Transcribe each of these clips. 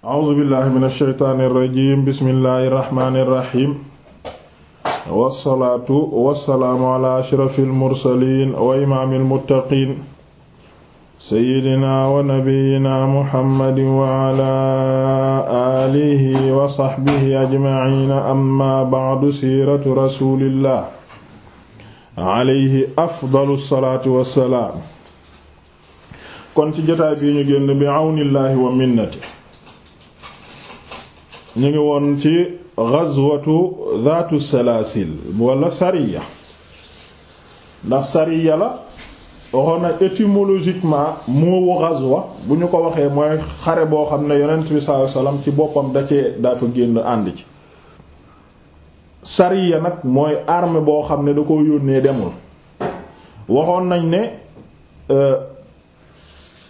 a'uuzu billahi min alsheytaani irrajim bismillahi irrahmani irrahim wassalaatu wassalaamu ala ashrafi almursalin wa imaami almuttaqin seyyidina wa nabiyina muhammadin wa ala alihi wa saxbihi ajmaciina amma bacdu siiratu rasulillah alayhi afdalu salaatu wassalaam kon ci jotaay bi ñu génn bi awnillahi wa minnati ñu ngi woon ci ghazwatu zaatu salaasil walla sariya ndax sariya la waxoon na étymologiquement mu ghazwa bu ñu ko waxee mooy xare boo xam ne yonent bi sallallahu alayhi wasallam ci boppam da cee dafa génn ànd ci sariya nag mooy arme boo xam ne da ko yónnee demul waxoon nañ ne euh,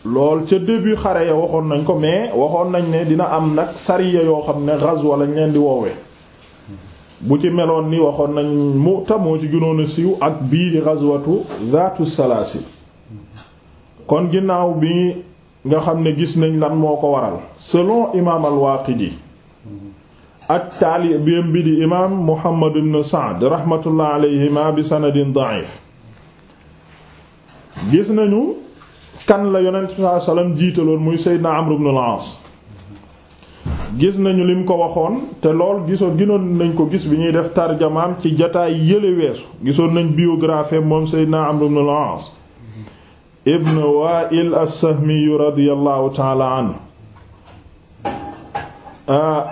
lool ca début xare ya waxoon nañ ko mais waxoon nañ ne dina am nag sariya yoo xam ne ghazwa lañ leen di woowee bu ci meloon ni waxoon nañ mu tamoo ci gënoon a siiw ak bii di ghazwatu salaasi kon ginnaaw bi nga xam ne gis nañ lan moo ko waral selon imaam al-Waaqidi ak taalibeem bi di imaam Muhammad ibn Sa'd rahmatullah alayhima bi sanadin da'if gis nañu kan la yonent sallallahu alayhi jiitaloon muy Seydina Amr ibn al gis nañu lim ko waxoon te lool gisoo ginoon nañ ko gis bi ñuy def tarjamaam ci jataay yële weesu gisoon nañ biographie moom Seydina Amr ibn al-As ibn Wa'il as-Sahmi radiyallahu ta'ala anhu ah,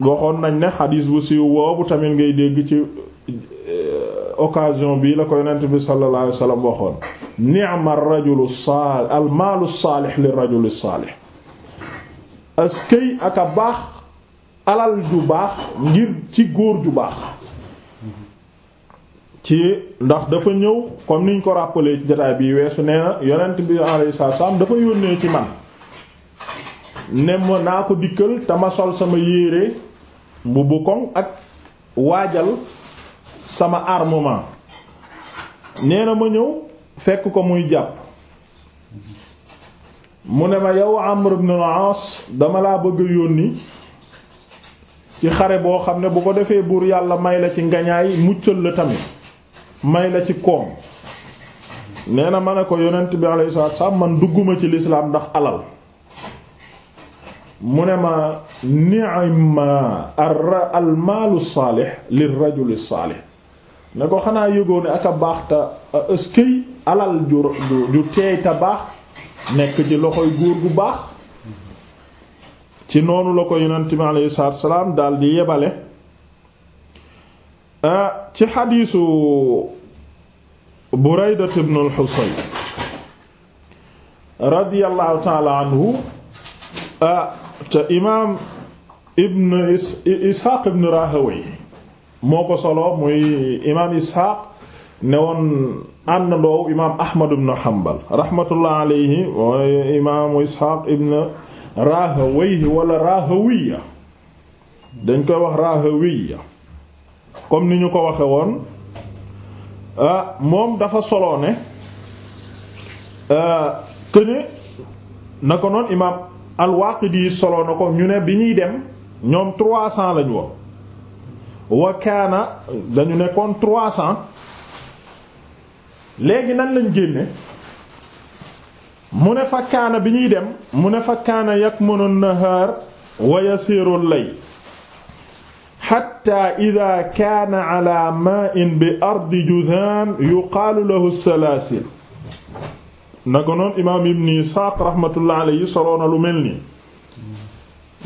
waxoon nañ ne xadiis bu siiw boobu tamit ngay dégg ci eh, occasion bi la ko yonent bi sallallahu alayhi wasallam waxoon ni'ma ar-rajulu saalih al-maalu saalih lir-rajuli saalih ak a baax alal ju baax ngir ci góor ju baax ci ndax dafa ñëw comme niñ ko rappelé ci jotaay bi weesu nee na yonent bi alayhi salaam dafa yónnee ci man ne ma naa ko dikkal te ma sol sama yére bu bu koŋ ak waajal sama armement nee na ma ñëw fekk ko muy jàpp mu ne ma yow Amr ibn al dama laa bëgg a yónni ci xare boo xam ne bu ko defee buur yàlla may la ci ngañaay muccal la tamit may la ci koom nee na ma ne ko yonent bi alayhi salaatu dugguma ci lislaam ndax alal mu ne ma ni'ma al saalix li rajuli saalix ne ko xanaa yëgoo ne ak a baax alal ju ju teey ta nekk ci loxoy góor gu baax ci noonu la ko yonent bi aleyhi salaatu daal di yebale euh, ci xadiisu Burayda ibn al-Husayn radiyallahu anhu euh, te imaam ibn Isxaaq ibn Rahawayh moo ko solo muy imaam Isxaaq ne woon àndandoo imaam Ahmad ibn Hanbal rahmatullah alayhi mooy imaamu Isxaaq ibn Rahawayhi wala Rahawiya dañ koy wax Rahawiya comme ni ñu ko waxe woon euh, moom dafa soloone euh, ne na ko noon imaam al-Waaqidi solo na ko ñu ne bi ñuy dem ñoom 300 lañu wa kaana dañu nekkoon 300. léegi nan lañ génne mu ne fa kaana bi ñuy dem mu ne fa kaana yakmunu an-nahaar wa yasiiru al-layl xatta ida kaana ala maa'in bi ardi juzaam yuqaalu lahu salaasil na ko noon imaam ibni isxaaq raxmatullah alayhi soloona lu mel ni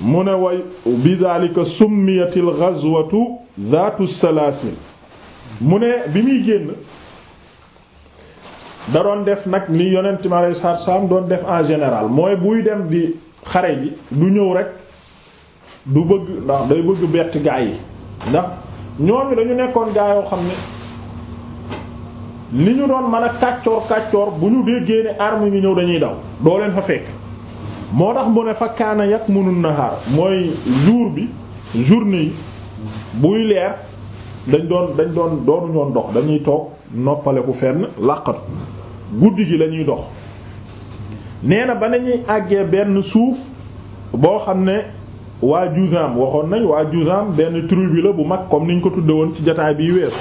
mu ne way bi daalika summiyat al-gazwatu zaatu salaasil mu ne bi muy génn da doon def nag li yonent mi alayhi salaatu doon def en général mooy buy dem di xare ji du ñëw rek du bëgg ndax day bëgg bett gaa yi ndax ñooñu dañu nekkoon gaa yoo xam ne li ñu doon mën a kàccoor kàccoor bu ñu déggee ne arme ngi ñëw dañuy daw doo leen fa fekk moo tax mu ne fa kaana yàq mënul nahaar mooy jour bi journée yi buy leer dañ doon dañ doon doonu ñoon dox dañuy toog noppaleku fenn làqatu guddi gi lañuy dox nee na ba nañuy àggee benn suuf boo xam ne waa Juzaam waxoon nañ waa Juzaam benn tribu la bu mag comme niñ ko tudde woon ci jataay biy weesu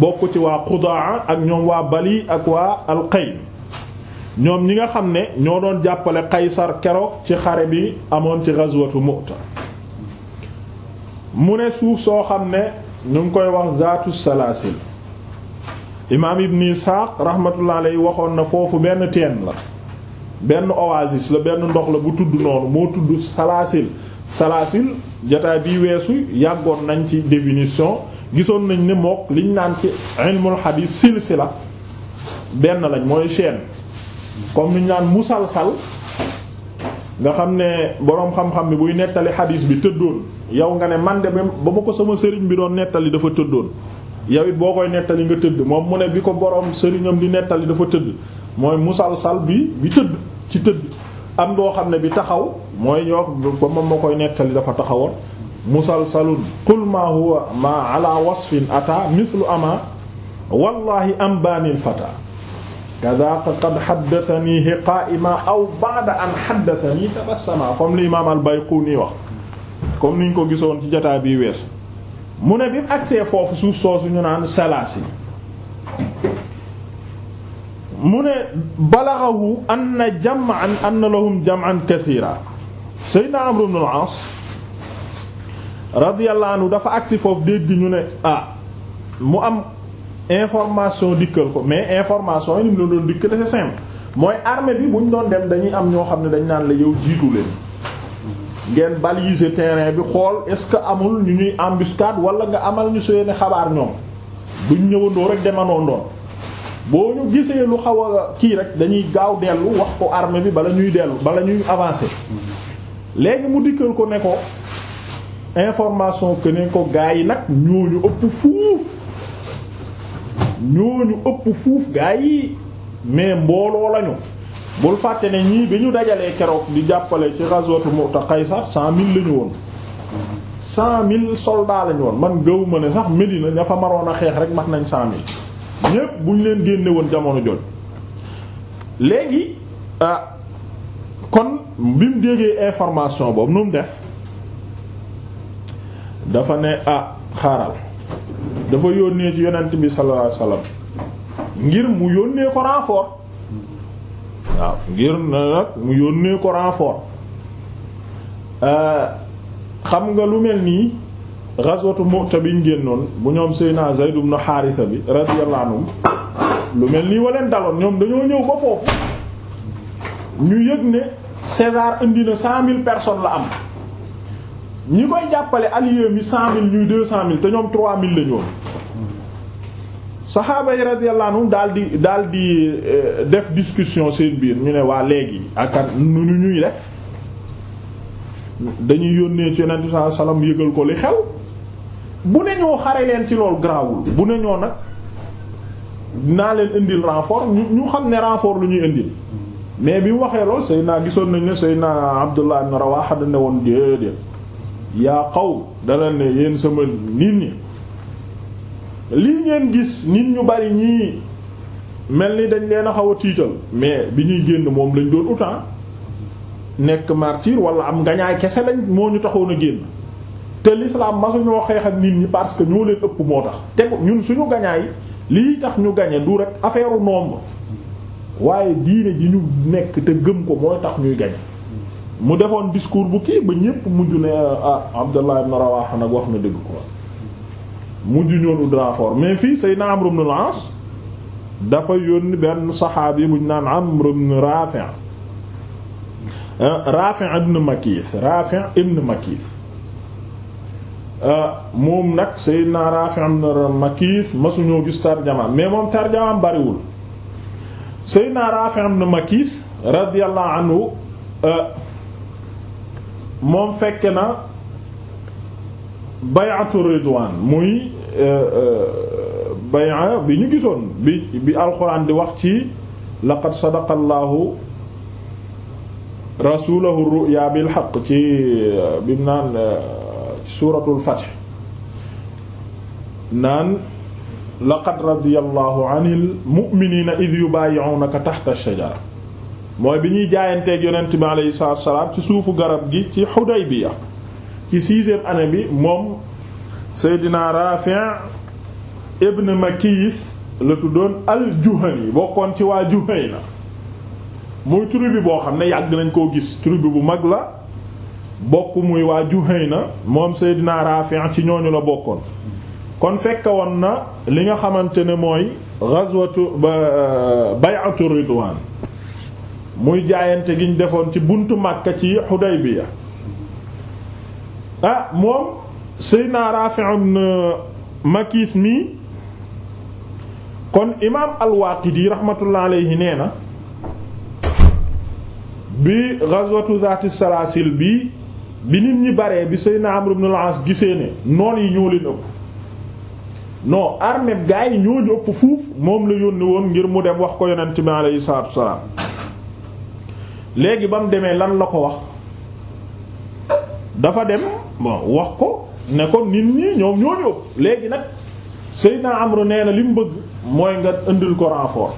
bokk ci waa Qudaa ak ñoom waa Bali ak waa Alqayn ñoom ñi nga xam ne ñoo doon jàppale Qaysar keroog ci xare bi amoon ci ghazwatu Mu'ta mu ne suuf soo xam ne ñu ngi koy wax zaatu salaasil imaam ibn Isxaaq rahmatullah alayhi waxoon na foofu benn teen la benn oasis la benn ndox la bu tudd noonu moo tudd salaasil salaasil jataay bii weesu yàggoon nañ ci définition gisoon nañ ne mook liñ naan ci ilmul xadiis silsila benn lañ mooy chaîne comme liñ naan musalsal nga xam ne boroom xam-xam bi buy nettali xadiis bi tëddoon yow nga ne man de ba ma ko sama sëriñ bi doon nettali dafa tëddoon yow it boo koy nettali nga tëdd moom mu ne bi ko borom sëriñam di nettali dafa tëdd mooy sal bi bi tëdd ci tëdd am doo xam ne bi taxaw mooy ñoo ba moom ma koy nettali dafa taxawoon musalsalun qul ma huwa ma ala wasfin ata mithlu am baanil fata kadaka qad xaddatanihi qaa'ima aw ba'da an xaddatani tabassama comme li imaam al Bayquni wax comme niñ ko gisoon ci jotaay bi weesu mu ne bi mu agsee foofu suuf yu ñu naan salaasi mu ne balaghahu anna jam'an anna lahum jam'an kathira sayyidna Amr ibn al-As radiyallahu anhu dafa agsi foofu dégg ñu ne ah mu am information dikkal ko mais information yi ni mu la doon dikk dafa simple mooy armée bi buñ doon dem dañuy am ñoo xam ne dañu naan la yow jiitu leen ngeen baliser terrain bi xool est-ce que amul ñu ñuy embuscade wala nga amal ñu seeni xabaar ñoom duñ ñëwandoo rek demandoon boo ñu gisee lu xaw a kii rek dañuy gaaw dellu wax ko armée bi bala ñuy dellu bala ñuy avancer léegi mu dikkal ko ne ko information que ne ko gaa yi nag ñooñu ëpp fuuf ñooñu ëpp fuuf gaa yi mais mbooloo lañu bul fàtte ne ñii bi ñu dajalee keroog di jàppale ci ghazwatu Mu'ta Qaysar cent mille la ñu woon cent mille soldats la ñu woon man gëw ne sax Medina ña fa maroon a xeex rek mat nañ cent mille ñépp bu ñu leen génne woon jamono jooju léegi ah kon bi mu déggee information boobu nu mu def dafa ne ah xaaral dafa yónnee ci yonent bi sallallahu alayhi ngir mu yónnee ko waaw ngir na nag mu yónnee ko renfort euh, xam nga lu mel nii ghazwatu Mu'ta bi ñu génnoon bu ñoom Seydina Zayd na Haarisa bi radiyallahu anhu lu mel nii waleen daloon ñoom dañoo ñëw ba foofu ñu yëg ne César indi na cent mille personnes la am ñi koy jàppale alliés mi cent mille ñuy deux cent mille te ñoom trois mille la ñoon saxaaba yi radiyallahu anhum daal di daal di eh, def discussion seen biir ñu ne waa léegi ak nu nu ñuy def dañuy yónnee ci yonent saa salaam yëgal ko li xew bu ne ñoo xare leen ci loolu garaawul bu ne ñoo nag naa leen indil renfort ñu xam ne renfort lu ñuy indil mais bi mu waxee lool Seydina gisoon nañu ne Seydina Abdullah ibn Rawaha da ne woon déedéet yaa xaw dana ne yéen sama nit ñi lii ngeen gis nit ñu bari ñii mel ni dañ leen a xaw a tiital mais bi ñuy génn moom lañ doon utan ah, nekk martyr wala am gañaay kese lañ moo ñu taxoon a génn te l'islam ma suñoo xeex nit ñi parce que ñoo leen ëpp moo tax te ñun suñu gañaay lii tax ñu gañe du rek affaire u waaye diine ji ñu nekk te gëm ko mooy tax ñuy gañe mu defoon discours bu kii ba ñépp mujj ne ah Abdallah ibn Rawaha nag wax na dëgg quoi mujj ñoonu renfort mais fii Seydina Amr ibn al-As dafa yónni benn saxaabi bu naan Amr ibn Rafi' euh, Rafi' ibn Makis Rafi' ibn Makis euh, moom nag Seydina Rafi' ibn Makis masuñoo gis tarjama mais moom tarjamaam bariwul Seydina Rafi' ibn Makis radiyallahu anhu euh, moom fekk na bay'atu ridwaan muy Euh, euh, bay'a bi ñu gisoon bi bi alxuraan di wax ci laqad sadaqa allahu rasulahu ru'ya bil haqq ci euh, bi mu naan suuratul fath naan laqad radiyallahu anil mu'minina idh yubayi'unaka tahta ash-shajara mooy bi ñuy jaayanteeg yonent bi alayhi salaatu wa salaam ci suufu garab gi ci Hudaybiya ci sixième année bi moom Seydina Rafi' ibn Makiyis la tuddoon al-Juhani bokkoon ci waa Juhayna muy tribu boo xam ne yàgg nañ koo gis tribu bu mag la bokk muy waa Juhayna moom Seydina Rafi' ci ñooñu la bokkoon kon fekk woon na li nga xamante ne mooy ghazwatu bay'atu Ridwaan muy jaayante gi ñu defoon ci buntu Makka ci Hudaybiya ah moom Seydina Rafi' ibn Makis mi kon imaam al-Waaqidi rahmatullah alayhi nee na bi ghazwatu zaati salaasil bi bi nit ñi baree bi Seydina Amr ibn al-As gisee ne noon yi ñoo leen ëpp non armée gaa yi ñoo ëpp fuuf moom la yónni woon ngir mu dem wax ko yonent bi alayhi salaatu wassalaam léegi ba mu demee lan la ko wax dafa dem bon wax ko ne ko nit ñi ñoom ñoo ñëw léegi nag Seydina Amru nee na li bëgg mooy nga indil ko renfort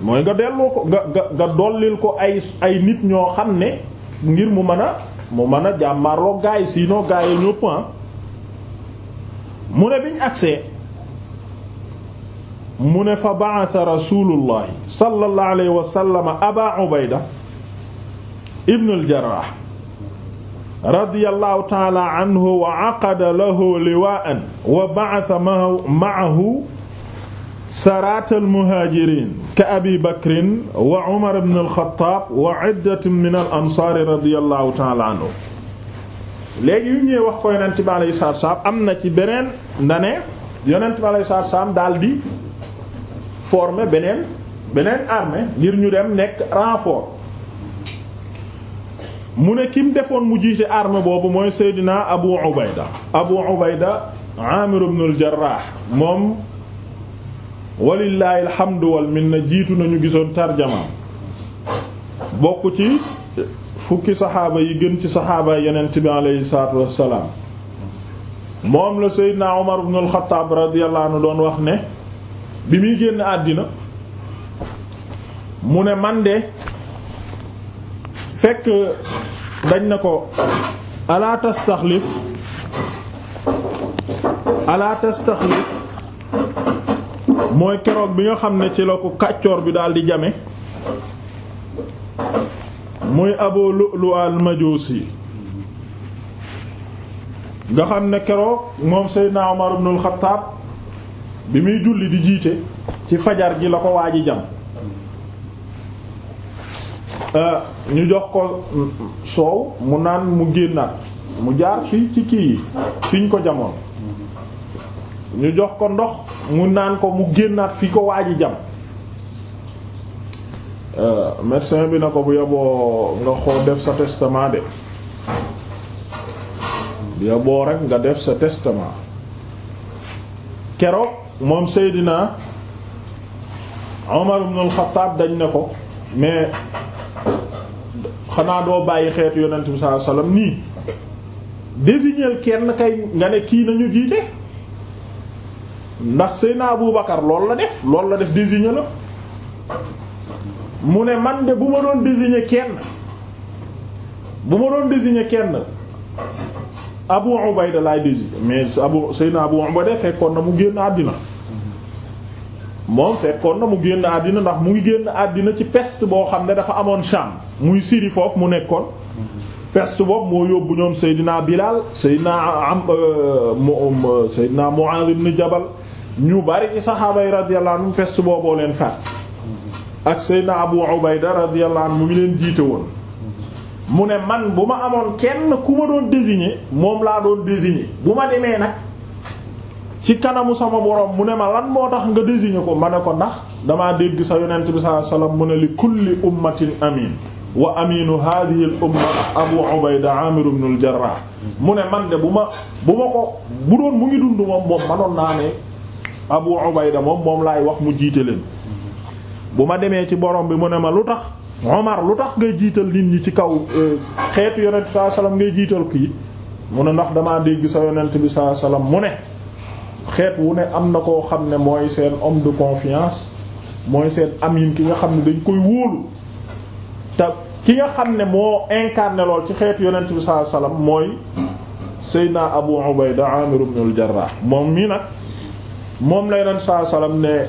mooy nga delloo ko nga nga dollil ko ay ay nit ñoo xam ne ngir mu mën a mu mën a jàmmarloo gaay sinon gaay yi ñëpp ah. mu ne biñ agsee mu ne fa ba'atha rasulullahi sallallahu alayhi wa sallam aba ubayda ibn al radiyallahu taala anhu wa aqada lahu liwaan wa ba'atha ma'ahu saraatal muhaajiriin ka abi bakrin wa umar ibn al-xattaab wa iddatin min al-ansaar radiyallahu taala anhu léegi yu ñëwee wax ko yonent bi alayhi salaatu salaam am na ci beneen ndane yonent bi alayhi salaatu salaam daal di former beneen beneen armée ngir ñu dem nekk renfort mu ne kim defoon mu jiite arme boobu mooy Seydina Abu Ubayda Abu Ubayda Amir ibn al moom walillaahi alhamdu wal minna jiitu nañu gisoon tarjamaam bokk ci fukki saxaaba yi gën ci saxaaba yonent bi aleyhi salaatu wassalaam moom la Seydina Omar ibn al-Khattab doon wax ne bi muy génn àddina mu ne man fekk dañ na ko alaa tastaxlif mooy keroog bi nga xam ne ci la ko kàccoor bi daal jame muy Abu Lu'lu al-Majusi nga xam ne keroog moom Seydina Umar ibn al-Khattab bi muy julli di jiite ci fajar gi la ko waaji jam Euh, ñu jox ko mm, soow mu naan mu génnaat mu jaar fii ci kii yi fiñ ko jamoon ñu jox ko ndox mu naan ko mu génnaat fi ko waaji jam euh, médecin bi na ko bu yoboo nga xool def sa testament de bu rek nga def sa testament keroog moom Seydina Omar ibn al-Khattab dañ ne ko mais xanaa doo bàyyi xeetu yonent bi sallallahu alayhi wasallam nii désigner kenn kay nga ne kii nañu jiite ndax Seydina Abu Bakar lool la def loolu la def désigner la mu ne man de bu ma doon désigner kenn bu ma doon désigner kenn Abu Ubayda laay désigner mais Abu Seydina Abu Ubayda fekkoon na mu génn àddina moom fekkoon na mu génn àddina ndax mu ngi génn àddina ci pest boo xam ne dafa amoon Sham muy Syrie foofu mu nekkoon peste boobu moo yóbbu ñoom Seydina Bilal Seydina am euh, euh, Seydina Mu'adh ibn Jabal ñu bari ci saxaaba yi radiyallahu anhum peste booboo leen faat ak Seydina Abu Ubayda radiyallahu mu mi leen jiite woon mu ne man bu ma amoon kenn ku ma doon désigner moom laa doon désigner bu ma demee nag ci kanamu sama borom mu ne ma lan moo tax nga désigné ko ma ne ko ndax damaa dégg sa yonent bi sallallahu alayhi wasallam mu ne li kulli ummatin amin wa aminu hadhihi al mu ne man bu ko bu mu ngi dund moom moom laay wax mu jiite bu ma demee ci borom bi mu ne ma lu tax lu tax ngay jiital nit ñi ci kaw euh, xeetu yonent bi ngay jiital kii mu ne ndax damaa dégg sa yonent bi sallallahu alayhi mu ne xeet wu ne am na koo xam ne mooy seen homme de confiance mooy seen amin ki nga xam ne dañ koy wóolu te ki nga xam ne moo incarné lool ci xeetu yonent bi sallallahu mooy Seydina Abu Ubayda Amir ibn al moom mii nag moom la yonent sallallahu alayhi ne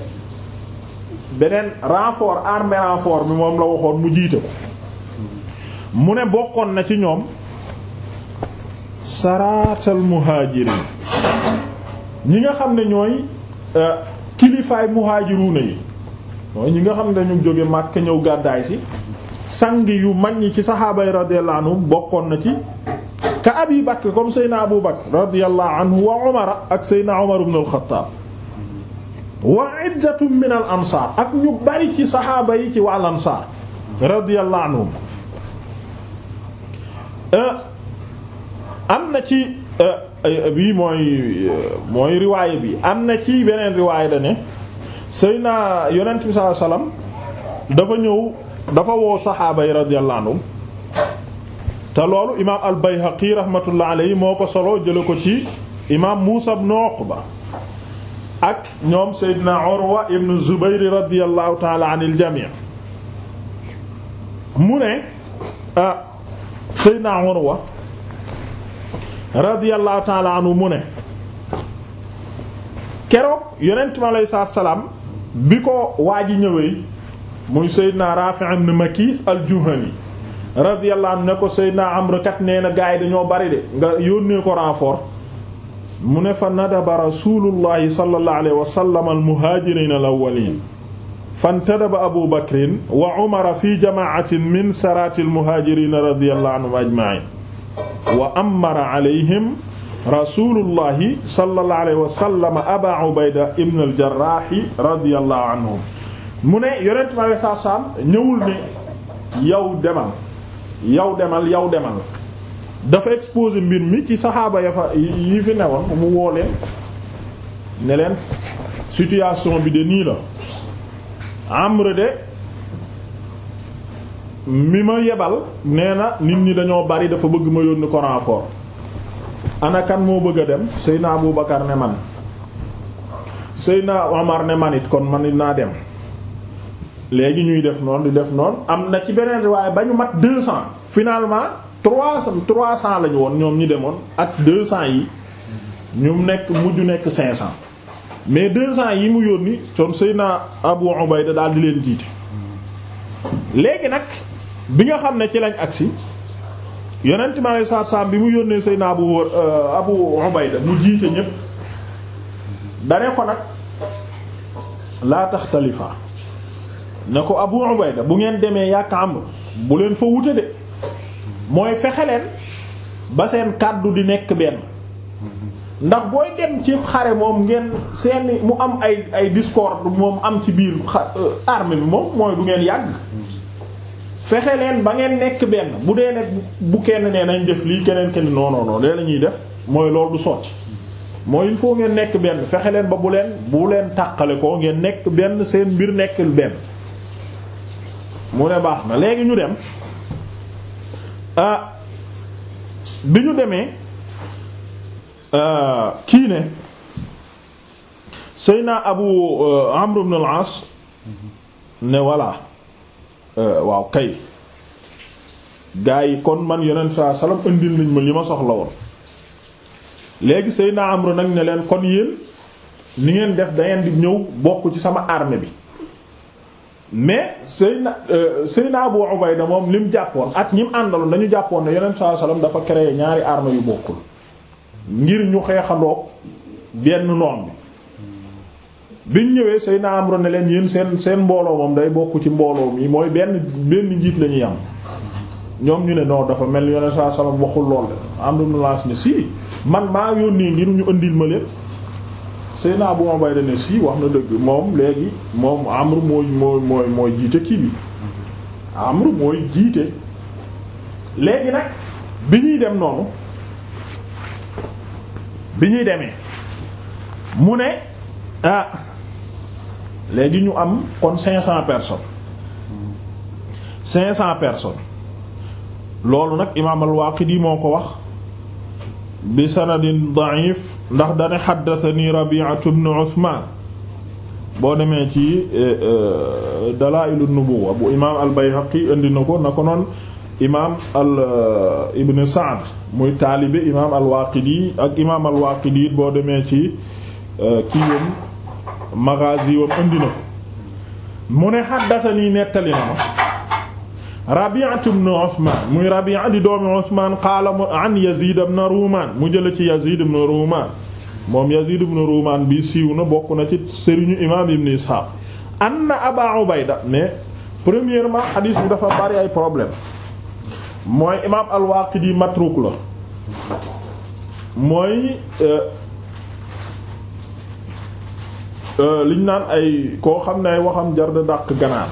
beneen renfort armée renfort bi moom la waxoon mu jiite ko mu ne bokkoon na ci ñoom saraatal muhajirin ñi nga xam ne ñooy euh, kilifaay muhaajiruuna yi mooy ñi nga xam ne dañu jóge Makka ñëw gàddaay si sang yu mag ñi ci saxaaba yi radiyallahu bokkoon na ci ka Abi Bakr comme Seyna Abu Bakr wa Umar ak Seyna Umar ibn al wa iddatun min al ansaar ak ñu bari ci saxaaba yi ci wàll ansaar radiyallahu euh, am na ci euh, bii mooy mooy riwaay bi am na ci beneen riwaay da ne Seydina yonent bi sallallahu dafa ñëw dafa woo saxaaba yi te loolu imaam al-Bayhaqi rahmatullahi alayhi moo ko solo jële ko ci imaam Muusa ibn Uqba ak ñoom Seydina Urwa ibn Zubayr radiyallahu ta'ala anil jami' mu ne ah, Seydina Urwa radiyallahu taala anhu mu ne keroog yonent mi salaam bi ko waa ji ñëwee muy Seydina Rafi' ibn Makis al-Juhani radiyallahu ne ko Seydina Amr kat nee na gaa yi dañoo bari de nga yónnee ko renfort mu ne fa nadaba rasulullahi sallallahu alayhi wa sallam al-muhaajiriina al-awwaliin Abu Bakrin wa Umar fi jamaatin min saraati al radiyallahu anhum wa amara alayhim rasulullahi sallallahu alayhi wa sallam aba ubayda ibn al jarrahi radiyallahu anhum mu ne yonent bi alayhi ñëwul ne yow demal yow demal yow demal dafa exposé mbir mi ci saxaaba ya fa yi fi newoon mu woo leen ne leen situation bi de nii la amre de mi ma yebal nee na nit ñi dañoo bari dafa bëgg ma yónni ko renfort ana moo bëgg a dem Seydina Abu Bakar ne man Seydina Omar ne man it kon man it naa dem léegi ñuy def noonu di def noon am na ci beneen waaye ba ñu mat deux cents finalement trois cents trois cents la ñu woon ñoom ñi demoon ak deux cents yi ñu nekk mujj nekk cinq cents mais deux cents yi mu yónni kon Seydina Abu Ubayda daal di leen jiite léegi nag bi nga xam ne ci lañ agsi yonent mi alayhi salaatu bi mu yónnee Seydina Abu euh, Abu Ubayda mu jiite ñépp dane ko nag laa taxtalifa ne ko Abu Ubayda bu ngeen demee yàq am bu leen fa wute de mooy fexe leen ba seen kàddu di nekk benn ndax booy dem ci xare moom ngeen seeni mu am ay ay discorde moom am ci biir euh, armée bi moom mooy du ngeen yàgg fexe leen ba ngeen nekk benn bu dee ne bu kenn nee nañ def lii keneen kenn non non non lee la ñuy def mooy loolu du sotti mooy il faut ngeen nekk benn fexe leen ba bu leen bu leen tàqale koo ngeen nekk benn seen mbir nekkul benn mu ne baax na léegi ñu dem ah bi ñu demee ah, kii ne Seyna Abu ah, Amr ibn al-As ne voilà Euh, waaw kay gaa yi kon man yonent saa salaam indil nañ ma li ma soxla woon léegi sëy Seydina Amr nag ne leen kon yéen ni ngeen def dangeen di ñëw bokk ci sama armée bi mais Seydina euh, Seydina Abu Ubayda moom lim jàppoon ak ñim àndaloon dañu jàppoon ne yonent saa salaam dafa créé ñaari armée yu bokkul ngir ñu xeexandoog benn noon bi biñ ñëwee Seydina Amru ne leen yéen seen seen mbooloo moom day bokk ci mbooloo mi mooy benn benn njiit la ñuy am ñoom ñu ne non dafa mel yoneen saa salaam waxul lool de Amru ibn Al-As ne si man maa yónnee ngir ñu andil ma leen Seydina Abu Ubayda ne si wax na dëgg moom léegi moom Amru mooy mooy mooy mooy jiite kii bi Amru mooy jiite léegi nag bi ñuy dem noonu bi ñuy demee mu ne ah. léegi ñu am kon cinq cent personnes cinq cent loolu nag imaam al-Waaqidi moo ko wax bi sanadin da'if ndax dane xaddathani Rabi'atu ibn Uthman boo demee ci eh, eh, Dalaa'il an-Nubuwwa bu imaam al-Bayhaqi indi na ko na ko noon imaam al eh, Ibn Sa'd muy taalibe imaam al-Waaqidi ak imaam al-Waaqidi boo demee ci kii maghazi wam indi na ko mu ne xaddatani nettali na ma rabi'atu ibn usman muy rabi'a di doomi usman qaala mu an yazid ibn ruumaan mu jële ci yazid ibn ruumaan moom yazid ibn ruumaan bi siiw na bokk na ci sëriñu imaam ibn ishaaq anna aba ubayda mais premièrement hadis bi dafa bari ay problème mooy imaam al-Waaqidi matruk la mooy euh, Euh, liñ naan ay koo xam ne ay waxam jar da ganaar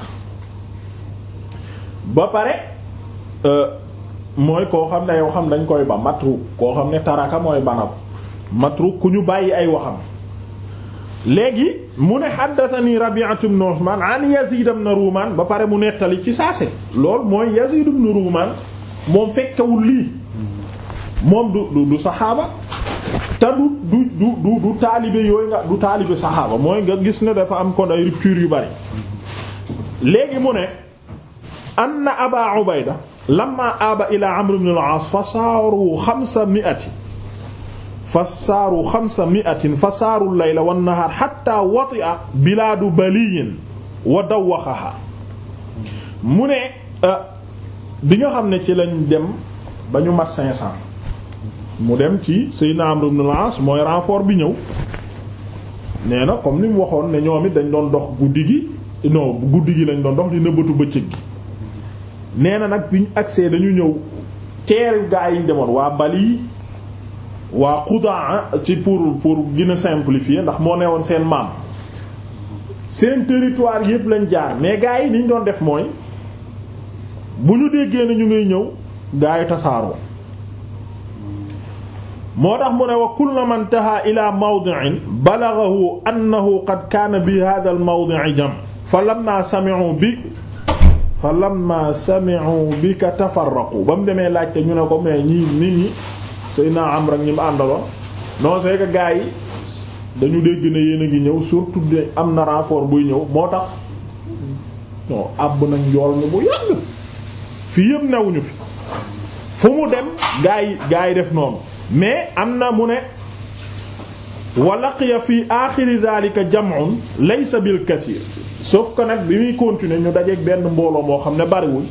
ba pare euh, mooy koo xam ne ay waxam dañ koy ba matruk koo xam ne taraka mooy banab matruk ku ñu bàyyi ay waxam léegi mu ne haddathani Rabi'atu ibn Uthman an Yazid ibn Ruman ba pare mu nettali ci saase lool mooy Yazid ibn Ruman moom fekkewul lii moom du du saxaaba te du du du du du nga du taalibe saxaaba mooy nga gis ne dafa am kon ay rupture yu bari léegi mu ne anna aba ubayda lamma aba ila amr ibn al-aas fa saaru xamsa mi'ati fa saaru layla wan nahaar hatta wati'a bilaadu baliyin wa dawwaxaha mu ne euh, bi nga xam ne ci lañ dem ba ñu mat 500 mu dem ci sey Amr ibn mooy renfort bi ñëw nee na comme ni mu waxoon ne ñoom it dañ doon dox guddi gi non guddi gi lañ doon dox di nëbbatu bëccëg gi nee na nag biñ agsee dañu ñëw teeru gaa yiñ demoon waa Bali waa Qudaa ci pour pour gina a simplifier ndax moo newoon seen maam seen territoire yëpp lañ jaar mais gaa yi niñ doon def mooy bu ñu déggee ne ñu ngay ñëw gaa yi tasaaroo moo tax mu ne wa kullu man taha ila mawdi'in balaghahu annahu kaana bi hadha al mawdi'i jam fa lamma sami'u bi fa lamma sami'u bika tafarraqu ba mu demee laajte ñu ne ko mais ñii nit ñi naa am ak ñi mu àndaloon non c'est que yi dañu dégg ne yéen a ngi ñëw surtout de am na renfort buy ñëw moo tax àbb nañ njool mi bu yàgg fii yëpp newuñu fi fu mu dem gaa yi gars yi def noonu mais am na mu ne wa ya fi aaxiri daalika jam'un laysa bil kasiir sauf que nag bi muy continuer ñu dajeeg benn mbooloo moo xam ne bariwul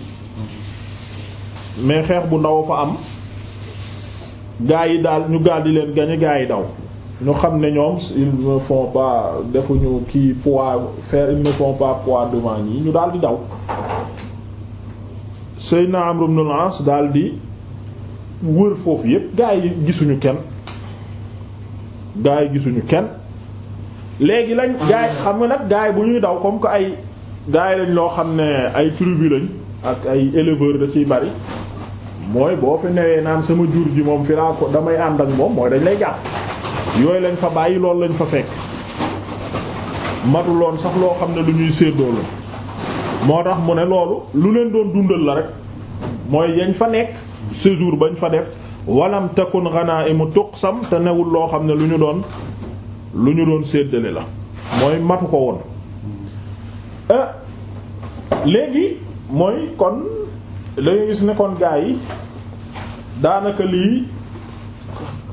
mais xeex bu ndaw fa am gaa yi daal ñu gaal di leen gañe gaa yi daw ñu xam ne ñoom ils ne font pas defuñu kii poids faire ils ne font pas poids devant ñi ñu daal di daw Seydina Amr ibn al-As di wër foofu yépp gaa yi gisuñu kenn gaa gisuñu kenn léegi lañ gaa yi xam nga nag gaa bu ñuy daw comme que ay gaa lañ loo xam ne ay tribu ak ay éleveur da ciy bari mooy boo fi newee naan sama jur ji moom fi laa ko damay ànd ak moom mooy dañ lay jàpp yooyu lañ fa bàyyi loolu lañ fa fekk matuloon sax loo xam ne lu ñuy séddoo la moo tax mu ne loolu lu leen doon dundal la rek mooy yañ fa nekk séjour bañ fa def walam takun ghana'imu sam te newul loo xam ne lu ñu doon lu ñu doon séddale la mooy matu ko woon euh, léegi mooy kon lañu gis ne kon gaa yi daanaka lii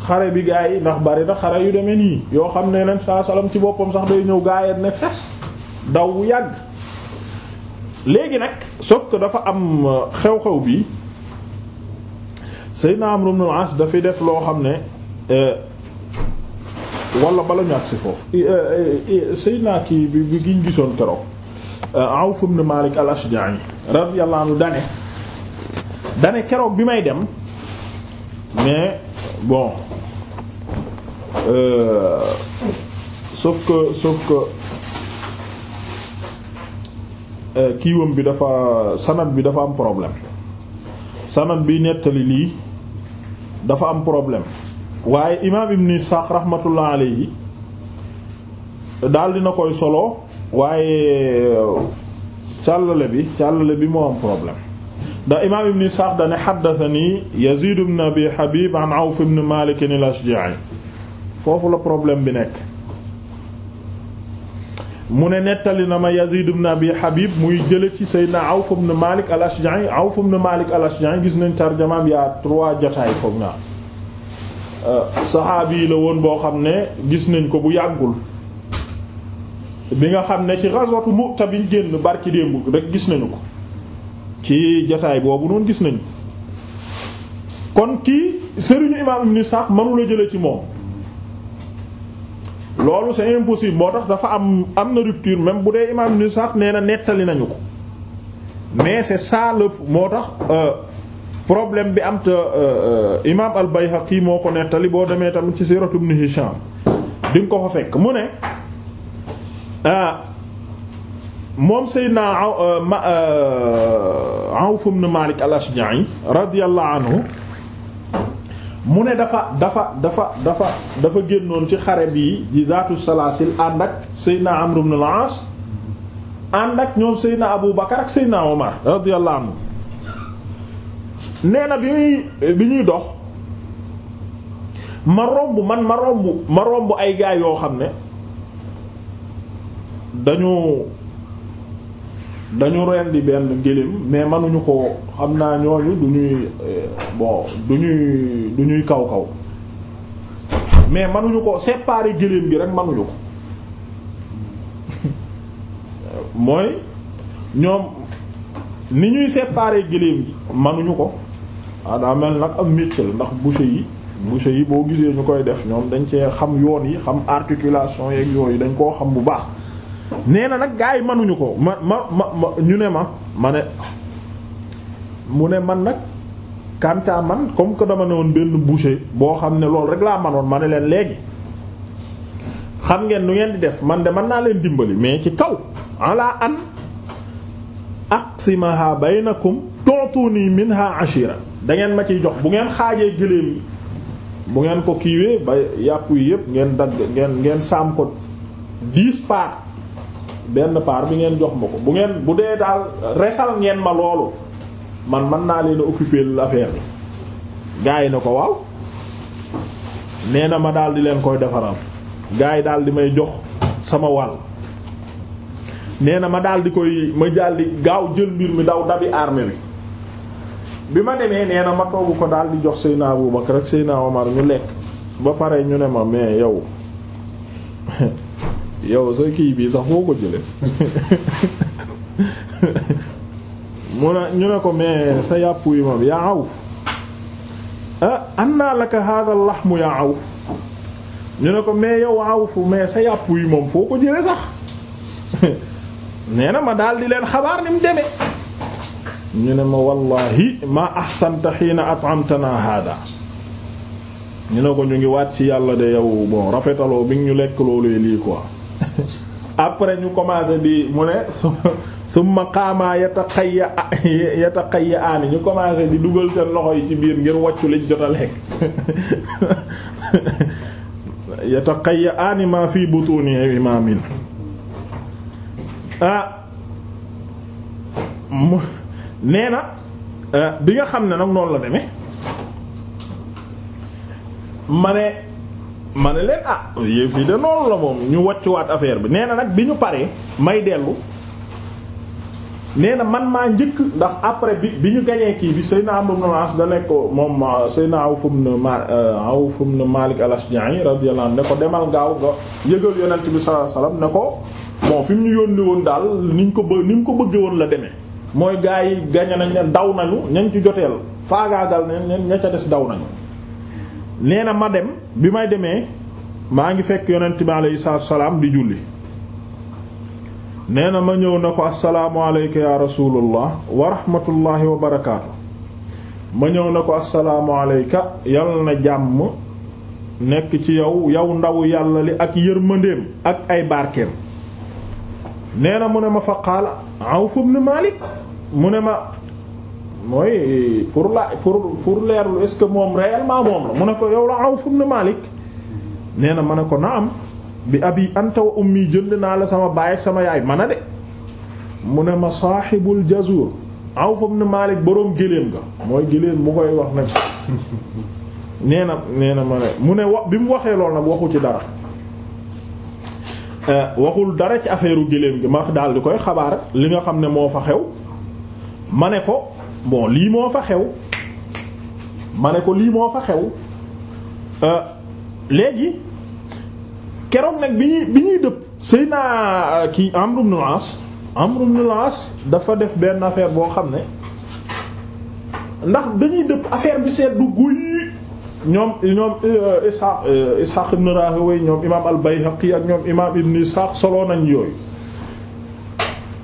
xare bi gaa yi ndax bari na xare yu demee nii yoo xam ne leen saa salaam ci boppam sax day ñëw gaa yi ne fes daw yàgg léegi nag sauf ko dafa am xew-xew bi Seydina Amr ibn al-As dafay def loo xam ne euh, wala bala ñu agsi foofu euh, euh, Seydina kii bi bi gisoon keroog Awf ibn Malik al-Ashja'i radiyallahu anhu dane dane keroog bi may dem mais bon euh, ko que ko que kiiwam bi dafa sanad bi dafa am problème sanad bi nettali lii dafa am problème waaye imaam ibn Ishaq rahmatullah alayhi daal dina koy solo waaye uh, càllale bi càllale bi moo am problème ndax imaam ibn Ishaq dane xaddathani Yazid ibn Abi Habib an Awf ibn Malik al-Ashja'i foofu la problème bi nekk mu ne nettali na ma Yazid ibn Abi Habib muy jële ci Seydina Awf ibn Malik al-Ashja'i Awf ibn Malik al gis nañ tarjamaam yaa trois jotaay foog naa euh, saxaabi yi la woon boo xam ne gis nañ ko bu yàggul bi nga xam ne ci ghazwatu Mu'ta biñ génn barki démb rek gis nañu ko ci jotaay boobu noonu gis nañu kon kii sëriñu imaam Ibn Sa'd mënula jële ci moom loolu c'est impossible moo tax dafa am am na rupture même bu dee imam ni sax nee na nettali nañu ko mais c'est ça le moo tax euh, problème bi am te euh, euh, imam al-Bayhaqi moo ko nettali boo demee tamit ci Sirat Ibn Hisham di nga ko fa fekk mu ne moom Seydina Awf ibn Malik al-Ashja'i radiyallahu anhu mu ne dafa dafa dafa dafa dafa génnoon ci xare bii di zaatu salaasil ànd ak seydna amru ibn al ànd ak ñoom seyna abu bakar ak seydna omar radiyallahu anhu nee na bi muy bi ñuy dox ma romb man ma romb ma romb ay gaay yoo xam ne dañu dañu rendi benn gëléem mais manuñu ko xam naa ñooñu du ñuy eh, bon du ñuy du ñuy kaw kaw mais mënuñu ko séparer gëléem gi rek mënuñu ko mooy ñoom ni ñuy séparer gëléem gi mënuñu ko ah daa mel nag am métier ndax boucher yi buse yi boo gisee ñu koy def ñoom dañ cee xam yoon yi xam articulation yeeg yooyu dañ koo xam bu baax. nee na nag gaa yi mënuñu ko ma ma ma ñu ne ma ma ne mu ne man nag kanta man comme que dama ne woon benn boucher boo xam ne loolu rek laa manoon ma ne leen léegi xam ngeen nu ngeen di def man de mën naa leen dimbali mais ci kaw ala an aqsimaha baynakum tu'tuni minha ashira da ngeen ma ciy jox bu ngeen xaajee gëléem bu ngeen ko kiiwee ba yàpp wi yëpp ngeen dagg ngeen ngeen saam ko dix parts benn part bi ngeen jox ma ko bu ngeen bu dee daal resal ngeen ma loolu man man naa leen a occuper affaire bi gars yi na ko wal nee na ma daal di leen koy defaral gars yi daal di may jox sama wàll nee na ma daal di koy ma daal gaaw jël mbir mi daw dabi armée bi bi ma demee nee na ma toogu ko daal di jox Seydina Abubakar ak Seydina Omar ñu lekk ba pare ñu ne ma mais yow yow sa kii bii sax foo ko jële mu ne ñu ne ko mais sa yàpp yi moom yaa awf ah, anna laka hadha al-lahmu yaa awf ñu ne ko mais yow awf mais sa yàpp wi moom foo ko jële sax nee na ma daal di leen xabaar ni mu demee ñu ne ma wallahi ma ahsanta hiina at'amtana hada ñu ne ko ñu ngi waat ci yàlla de yow rafetaloo bi ñu lekk loolu lii quoi après ñu commencé di mu ne summa qaamaa yataqayya yataqayya'aani ñu commencé di dugal seen loxo yi ci biir ngir wàccu liñ jot a lekk yataqayya'aani maa fii butuuni imaamin ah mu nee na ah, bi nga xam ne nag noonu la deme ma ne. ma ne leen ah yëf yi de noonu la moom ñu wàccuwaat affaire bi nee na nag bi ñu paree may dellu nee na man maa njëkk ndax après bi bi ñu gañee kii bi Seydina Amr ibn al-As da nekk moom ah, Seydina Awf ibn Ma ah, Malik al-Ashja'i radiyallahu anhu ne ko demal gaaw nga yëgal yonent bi sa alayhi wasallam ne ko bon fi mu ñu yónni woon daal ni ñu ko bë ni mu bëggee woon la demee mooy gaa yi gañe nañ ne daw nañu ñañ ci joteel faagaagal ne ña ca des daw nañu nee na ma dem bi may demee maa ngi fekk yonent bi aleyhi salaam di julli nee na ma ñëw na ko assalaamu aleyka ya rasulullah wa wa barakaatu ma ñëw na ko assalaamu aleyka yal na jàmm nekk ci yow yow ndawu yàlla li ak yërmandeem ak ay barkeem nee na mu ne ma fa qaala Awf ibn Malik mu ne ma mooy pour la pour pour leerlu est-ce que moom réellement moom la mu ne ko yow la Awf ibn Malik nee na ma ne ko naam bi abi anta wa ummi jënd naa la sama baay ak sama yaay mana a de mu ne ma saaxibul jazur Awf ibn Malik boroom géléem nga mooy géléem mu koy wax nag nee na nee na ma ne mu ne wax bi mu waxee lool nag waxu ci dara eh, waxul dara ci affaire u géléem gi ma daal di koy xabaar li nga xam ne moo fa xew ma ne ko bon lii moo fa xew ma ne ko lii moo fa xew euh, léegi keroog nag bi ñuy bi ñuy dëpp sëy naa euh, kii Amr ibn al-As dafa def benn affaire boo xam ne ndax dañuy dëpp affaire bi seet du guy ñoom ñoom euh, Ishaq Ishaq ibn Rahawayh ñoom imaam al-Bayhaqi ak ñoom imaam ibn Ishaq solo nañ yooyu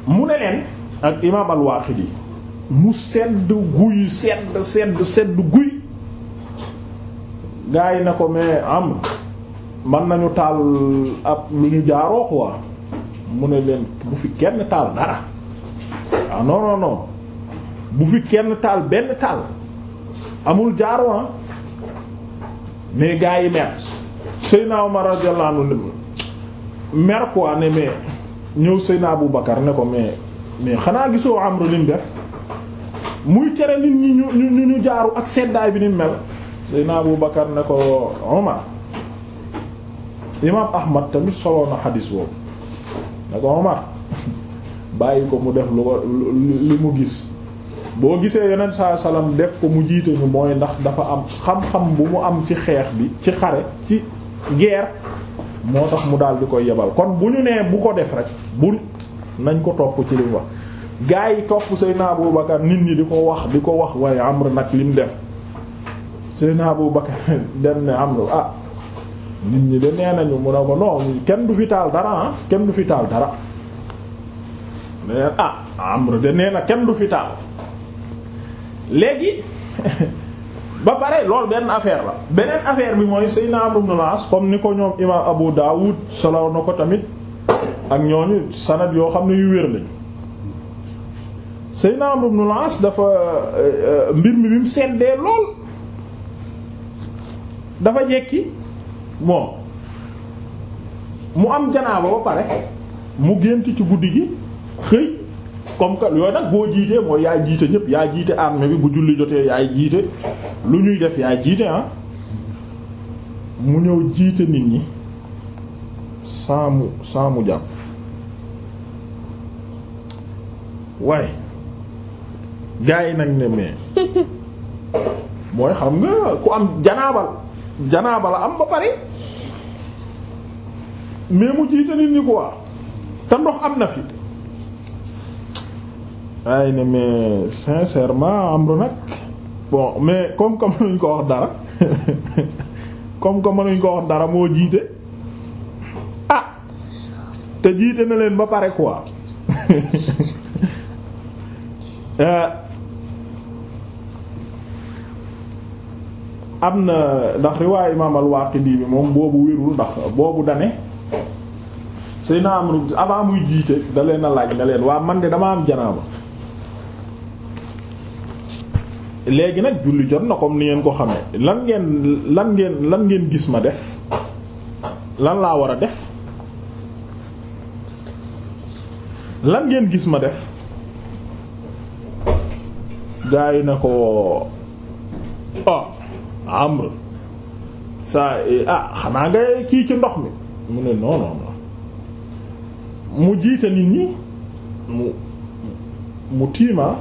mu ne leen ak imaam al-Waaqidi mu sedd guy sedd sedd sedd guy gaa yi ne ko mais am man nañu taal ab lu ñu jaaroo quoi mu ne leen bu fi kenn taal dara ah non non bu fi kenn taal benn taal amul jaaroo ah mais gaa yi mer Seydina Omar radiyallahu anhu mer quoi ne mais ñëw Seydina Abou Bakar ne ko mais mais xanaa gisoo Amr lim def. muy cere nit ñi ñu ñu ñu jaaru ak seddaay bi ni mel Seydina Abu Bakar ne ko Omar imaam Ahmad tamit soloon na xadiis boobu ne ko Omar bàyyi ko mu def lu ko li mu gis boo gisee yeneen sa salaam def ko mu jiite ñu mooy ndax dafa am xam-xam bu mu am ci xeex bi ci xare ci guerre moo tax mu daal di koy yebal kon bu ñu nee bu ko def rek bu nañ ko topp ci li wax gaa yi topp naa Abu Bakar nit ñi di ko wax di ko wax waaye Amr nag lim def Seydina Abu Bakar dem ne Amr ah nit ñi de nee nañu mu ne ko non kenn du fi taal dara ah kenn du fi taal dara nee ah Amr de nee na kenn du fi taal léegi ba pare loolu benn affaire la beneen affaire bi mooy Seydina Amr ibn comme ni ko ñoom imaam Abu Dawud solo na ko tamit ak ñooñu sanad yoo xam ne yu wér lañu Seydina Amr ibn al-As dafa euh, euh, mbir mi bi mu seddee lool dafa jekki moom mu am janaaba ba pare mu gént ci guddi gi xëy comme que yooyu nag boo jiitee mooy yaay jiite ñépp yaay jiite armée bi bu julli jotee yaay jiite lu ñuy def yaay jiite ah mu ñëw jiite nit ñi sans mu jàpp waaye gaa yi nag ne mais mooy xam nga ku am janaabal janaaba am ba pare mais mu jiite nit ñi quoi te ndox am na fi ay ne mais sincèrement am ru bon mais comme que mënuñ ko wax dara comme que mënuñ ko wax dara moo jiite ah te jiite na leen ba pare quoi euh, am na ndax riwaay imaam al-Waaqidi bi moom boobu wérul ndax boobu dane Seydina Amru avant muy jiite da leen a laaj ne leen waa man de damaa am janaaba léegi nag julli jot na comme ni ngeen ko xamee lan ngeen lan ngeen lan ngeen gis ma def lan laa war a def lan ngeen gis ma def gaa yi na ko oh, amr sa eh, ah xanaa nga kii ci ndox mi mu ne non non mu jiita nit ñi mu mu tiima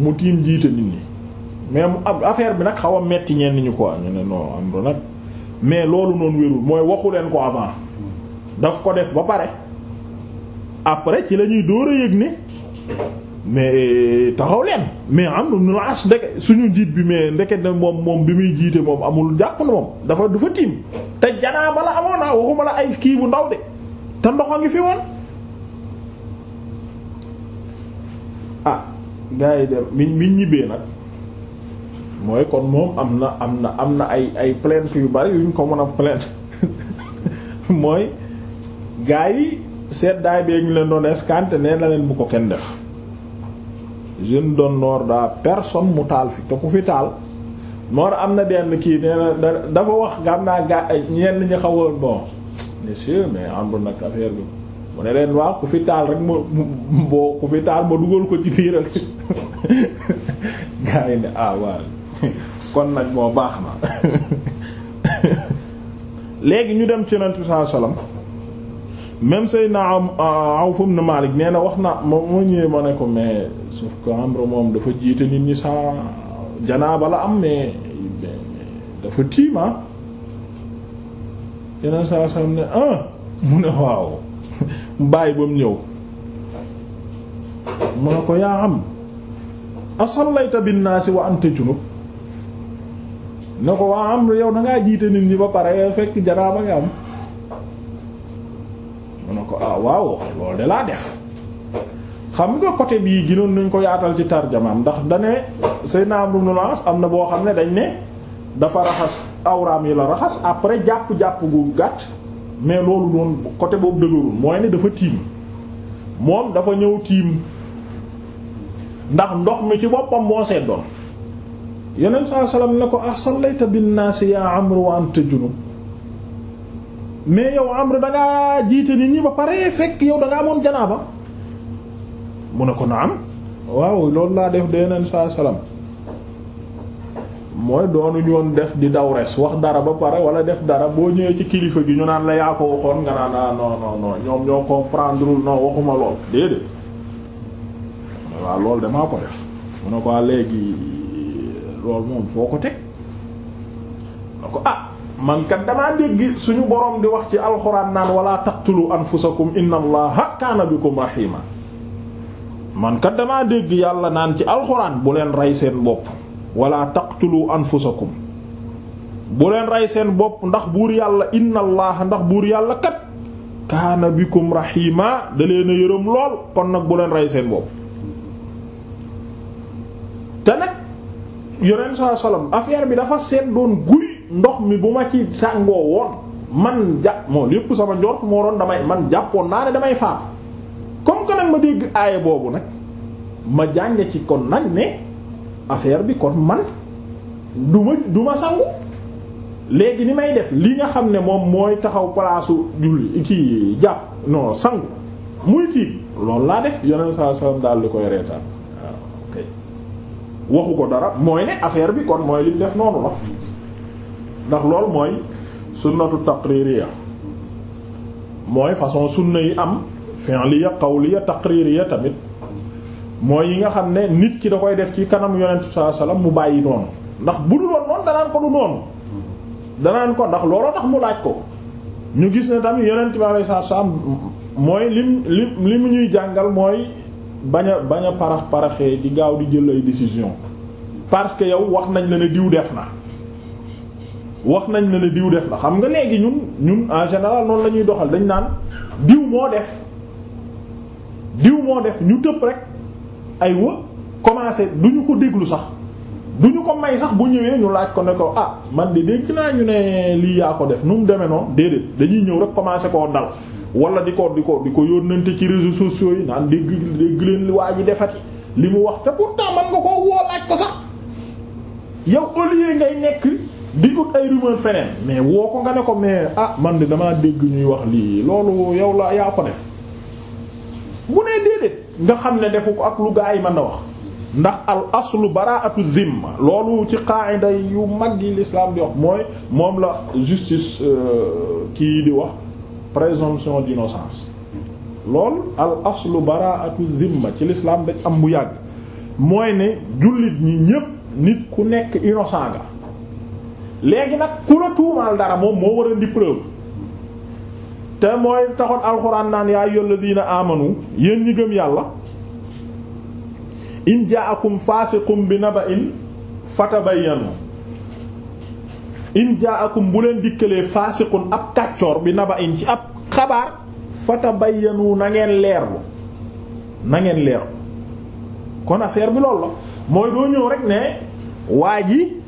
mu tiim jiite nit ñi mais mu affaire bi nag xaw a metti ñenn ñu ko ñu ne non amr nag mais loolu noonu wérul mooy waxu leen ko avant daf ko def ba pare après ci lañuy dóor a yëg ne. mais euh, taxaw leen mais am ibn al-As suñu njiit bi mais ndeke na moom moom bi muy jiite moom amul jàpp moom dafa du fa tiim te janaa bala amoon naa ah, waxuma la ay kii bu ndaw de te ndox a ngi fi woon ah gars yi dem bi miñ ñibbee nag mooy kon moom am na am na am na ay ay plainte yu bari yuñ ko mën a plainte mooy gars yi seet daay bee ñu leen doon escanté nee na leen bu ko kenn def je ne donne l'ordre personne mu taal fi te ku fi taal moo am na denn kii nee dafa wax nga naa gaa ñenn ñi xawoon bon monsieur mais am nag affaire bi mu ne leen waaw ku fi taal rek ma boo ku fi taal ma dugal ko ci biir ak gaa yi ne ah kon nag moo baax na léegi ñu dem ci Yonent bi même Seydina euh, Awf ibn Malik nee na wax na ma ma ñëwee ma ne ko mais sauf que Amr moom dafa jiite nit ñi sa janaaba la am mais dafa tiima yeneen saa sam ne ah mu ne waaw bàyyi ba mu ñëw mu ne ko yaa am asallayta binnaasi wa anta junub ne ko waa am yow da ngaa jiite nit ñi ba pare fekk janaaba nga am ko ah, waaw loolu de laa def xam nga côté bii ginoon nañ ko yaatal ci tarjamaam ndax dane Seydina Amru ibn al am na boo xam ne dañ ne dafa raxas awraam yi la raxas après jàpp-jàpp gu gàtt mais loolu noonu côté boobu dëgërul mooy ne dafa tiim moom dafa ñëw tiim ndax ndox mi ci boppam moo seet doon yeneen saa sallam ne ko ah sallayta bin naasi yaa Amru wa anta junub mais yow Amr da ngaa jiite nit ñi ba pare fekk yow da ngaa amoon janaaba mu ne ko naam waaw loolu laa def de yeneen saa salaam mooy doonuñu woon def di daw res wax dara ba pare wala def dara boo ñëwee ci kilifa gi ñu naan la yaa ko waxoon nga naan ah non ñoom ñoo comprendre non waxuma lool déedéet waaw loolu damaa ko def mu ne ko ah, léegi loolu moom foo ko teg na ko ah. man kat damaa dégg suñu boroom di wax ci alxuraan naan wala taqtulu anfusakum inna allaha kaana bikum rahima man kat damaa dégg yàlla naan ci alxuraan bu leen rey seen bopp wala taqtulu anfusakum bu leen rey seen bopp ndax buur yàlla inna allaha ndax buur yàlla kat kaana bikum rahima da leen a yërëm lool kon nag bu leen rey seen bopp ndox mi bu ma ci sàngoo woon man jàpp moom lépp sama njort moo doon damay man jàppoon naa ne damay faatu comme que nag ma dégg aaya boobu nag ma jànge ci kon nag ne affaire bi kon man du ma du sangu léegi ni may def li nga xam ne moom mooy taxaw palaasu julli kii jàpp non sangu muy tiim loolu laa def yonent saa sallam daal di koy reetaan waaw waxu ko dara mooy ne affaire bi kon mooy li def noonu la ndax loolu mooy sunnatu taqririya mooy façon sunna yi am fi'liya qawliya taqririya tamit mooy yi nga xam ne nit ki da koy def ci kanam yonent bi mu bàyyi noonu ndax bu dul woon noonu danaan ko du noonu danaan ko ndax looloo tax mu laaj ko ñu gis ne tam yonent bi sallallahu alayhi wasallam mooy lim lim li mu ñuy jàngal mooy bañ a bañ a parax paraxee di gaaw di jël ay décision parce que yow wax nañ la ne diw def na wax nañ ne ne diw def na xam nga léegi ñun ñun en général noonu la ñuy doxal dañ naan diw moo def diw moo def ñu tëb rek ay wa commencé du ñu ko déglu sax du ñu ko may sax bu ñëwee ñu laaj ko ne ko ah man de dégg naa ñu ne lii yaa ko def nu mu demee noonu déedéet dañuy ñëw rek commencé koo dal wala di ko di ko di ko yónnante ci réseaux sociaux yi naan dégg dégg leen li waa ji defati li mu wax te pourtant man nga koo woo laaj ko sax yow au lieu ngay di ut ay rumeur feneen mais woo ko nga ne ko mais ah man de dama dégg ñuy wax lii loolu yow la yaa ko def bu nee déedéet nga xam ne defu ko ak lu gaa yi mën na wax ndax al aslu baraatu zimma loolu ci qaida yu mag yi lislaam di wax mooy moom la justice euh, kii di wax présomption d'innocence lool al aslu baraatu zimma ci l'islam dañ am bu yàgg mooy ne jullit ñi ñépp nit ku nekk innocent ga léegi nag ku la tuumaal dara moom moo war a indi te mooy taxoon alxuraan naan yaa ayyuhal ladiina amanu yéen ñi gëm yàlla in ja'akum faasiqun bi naba'in fatabayyanu in ja'akum bu leen dikkalee faasiqun ab kàccoor bi naba'in ci ab xabaar fatabayyanu na ngeen leerlu na ngeen leerlu kon affaire bi loolu la mooy doo ñëw rek ne waa ji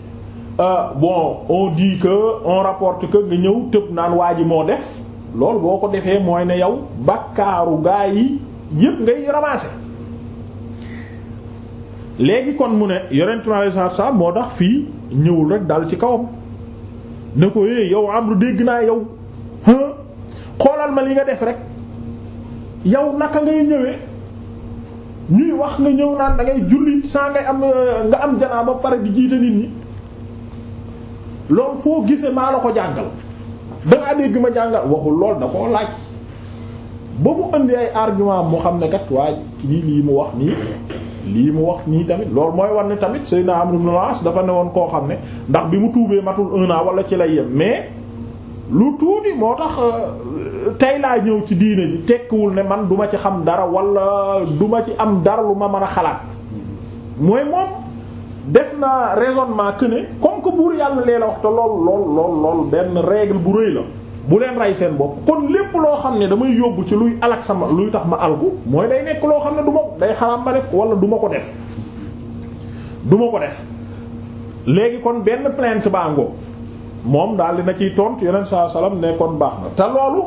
Euh, bon on dit que on rapporte que nga ñëw tëb naan waa ji moo def loolu boo ko defee mooy ne yow bakkaaru gaa yi yépp ngay ramasser léegi kon mu ne yorentu naa sa moo tax fii ñëwul rek dal ci kawam ne ko é eh, yow Amru dégg naa yow xoolal ma li nga def rek yow naka ngay ñëwee ñuy wax nga ñëw naan da ngay julli saa ngay am euh, nga am janaa ba pare di jiite nit ñi loolu foo gisee maa la ko jàngal dangaa dégg ma jàngal waxul lool da koo laaj ba mu indi ay argument mu xam ne kat waaye lii lii mu wax nii lii mu wax nii tamit loolu mooy wan ne tamit Seydina Amr ibn al-As dafa ne woon koo xam ne ndax bi mu tuubee matul un an wala ci lay yem mais lu tuuti moo tax euh, tey laa ñëw ci diine ji tekkiwul ne man duma ci xam dara walla duma ci am dara lu ma mën a xalaat mooy moom def naa raisonnement que ne comme que buur yàlla lee la wax te lool lool lool lool benn règle bu rëy la bu leen rey seen bopp kon lépp loo xam ne damay yóbbu ci luy alak sama luy tax ma alku mooy day nekk loo xam ne du day xaraam ma def wala du ma ko def duma ma ko def léegi kon benn plainte baa ngoo moom daal di na ciy tontu yeneen sa salaam ne kon baax na te loolu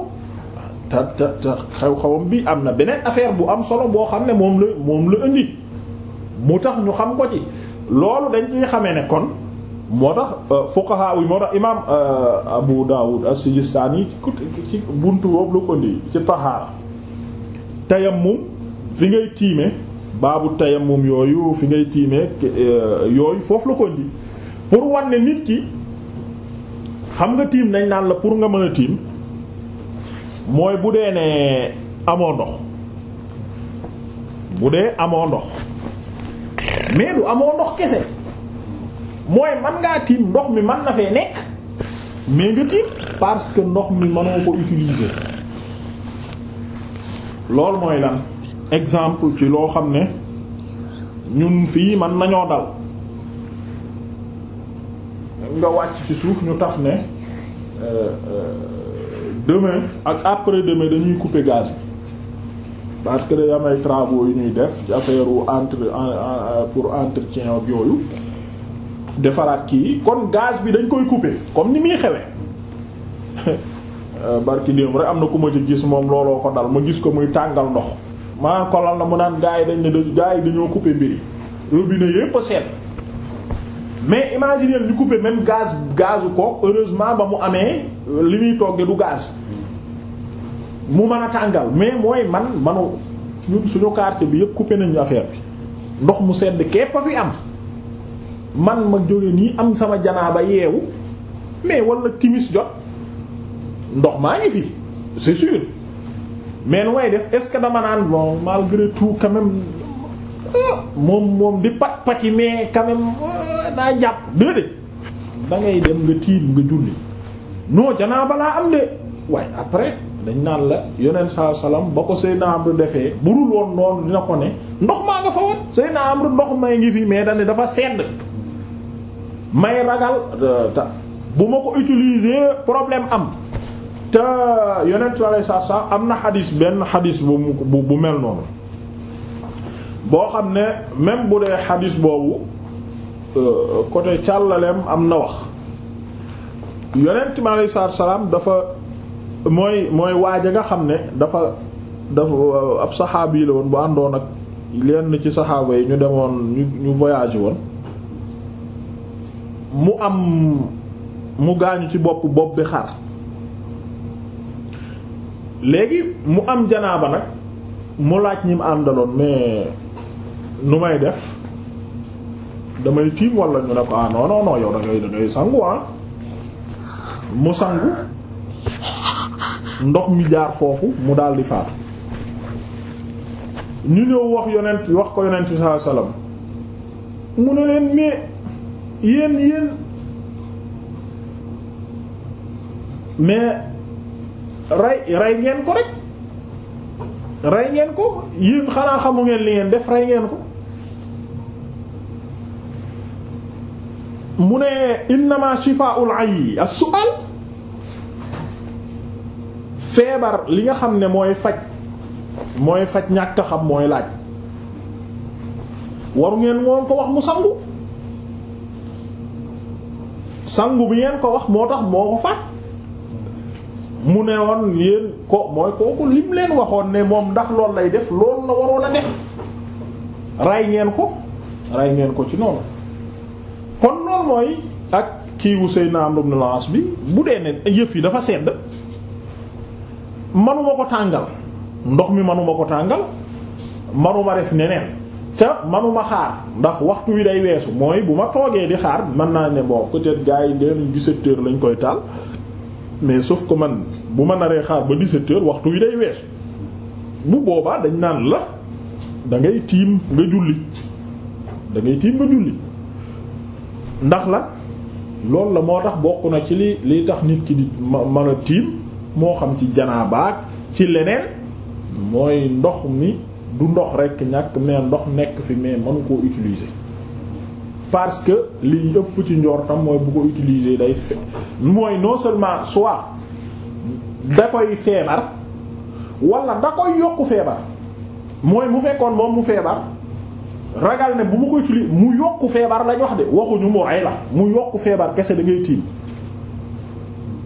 te te te xew-xewam bi am na beneen affaire bu am solo boo xam ne moom la moom la indi mu tax ñu xam ko ci loolu dañ ciy xamee ne kon moo tax euh, fuqaha yi moo tax imaam euh, Abu Dawud as-Sijistani ci buntu boobu la ko indi ci fi ngay tiime baabu tayammum yooyu fi ngay tiime euh, yooyu foofu la ko indi pour wan nit ki xam nga tiim nañ naan la pour nga mën a tiim mooy bu dee ne amoo ndox bu dee amoo ndox mais du amoo ndox kese mooy man ngaa tiim ndox mi man na fee nekk mais nga tiim parce que ndox mi mënoo ko utiliser loolu mooy lan exemple ci loo xam ne ñun fii man nañoo dal nga wàcc ci suuf ñu taf ne euh, euh, demain ak après demain dañuy couper gaz bi parce que day am ay travaux yu ñuy def ci affaire entre pour entretien ak yooyu defaraat kii kon gaz bi dañ koy couper comme ni muy xewee barki démb rek am na ku ma ci gis moom looloo ko dal ma gis ko muy tàngal ndox maa ko lan la mu naan gars yi dañ ne yi dañoo couper mbiri robinet yépp a seet mais imagine ñu couper même gaz gazu ko heureusement ba mu amee li muy toggee du gaz mu mën a tàngal mais mooy man manu suñu quartier bi yëpp coupé nañu affaire bi ndox mu sedd kepp a fi am man ma jóge nii am sama janaaba yeewu mais wala timis jot ndox maa ngi fi c'est sûr mais nu may def est-ce que dama naan bon malgré tout quand même euh, moom moom di pat pati mais quand même naa euh, jàpp déedéet da ngay dem nga tiim nga julli non janaaba laa am de waaye après. dañ naan la yonent saa salaam ba ko Seydina Amr defee burul woon noonu dina ko ne ndox maa nga fa woon Seydina Amr ndox may ngi fi mais dañ dafa sedd may ragal bu ma ko utiliser problème am te yonent saa salaam am na xadis benn xadis bu bu bu mel noonu boo xam ne même bu dee xadis boobu euh, côté càllaleem am na wax yonent saa salaam dafa. mooy mooy waaj a nga xam ne dafa dafa ab saxaabi la woon bu àndoon ak lenn ci saxaaba yi ñu demoon ñu ñu voyage woon mu am mu gaañu ci bopp bopp bi xar léegi mu am janaaba nag mu laaj ñi mu àndaloon mais nu may def damay tiim wala ñu ne ko ah non non yow da ngay da ah. mu sangu. ndox mi jaar foofu mu daldi di faatu ñu ñëw wax yonent wax ko yonent bi mu ne leen mais yéen yéen mais rey rey ngeen ko rek rey ngeen ko yéen xanaa xamu ngeen li ngeen def rey ngeen ko mu ne innama shifaa'ul ayyi as-su'al feebar li nga xam ne mooy faj mooy faj ñàkk a xam mooy laaj waru ngeen moom ko wax mu sangu sangu bi ngeen ko wax moo tax moo ko fat mu ne woon yéen ko mooy kooku lim leen waxoon ne moom ndax loolu lay def loolu la waroon a def ray ngeen ko ray ngeen ko ci noonu kon loolu mooy ak kiiwu Seydina Amru ibn bi bu dee ne yëf yi dafa sedd manuma ko tàngal ndox mi manuma ko tàngal manuma def neneen te manuma xaar ndax waxtu wi day weesu mooy bu ma toogee di xaar mën naa ne bon peut-être gars yi leen 17 heures lañ koy taal mais sauf ko man bu ma naree xaar ba 17 heures waxtu wi day weesu bu boobaa dañ naan la da ngay tiim nga julli da ngay tiim nga julli ndax la loolu la moo tax bokk na ci li li tax nit ki di mën a tiim moo xam ci janaabaak ci leneen mooy ndox mi du ndox rekk ñàkk mais ndox nekk fi mais mënu koo utiliser parce que li ëpp ci njortam mooy bu ko utiliser day fe mooy non seulement soit da koy feebar walla da koy yokk feebar mooy mu fekkoon moom mu feebar ragal ne bu mu ko utiliser mu yokk feebar lañ wax de waxuñu mu rey la mu yokku feebar kese da ngay tiim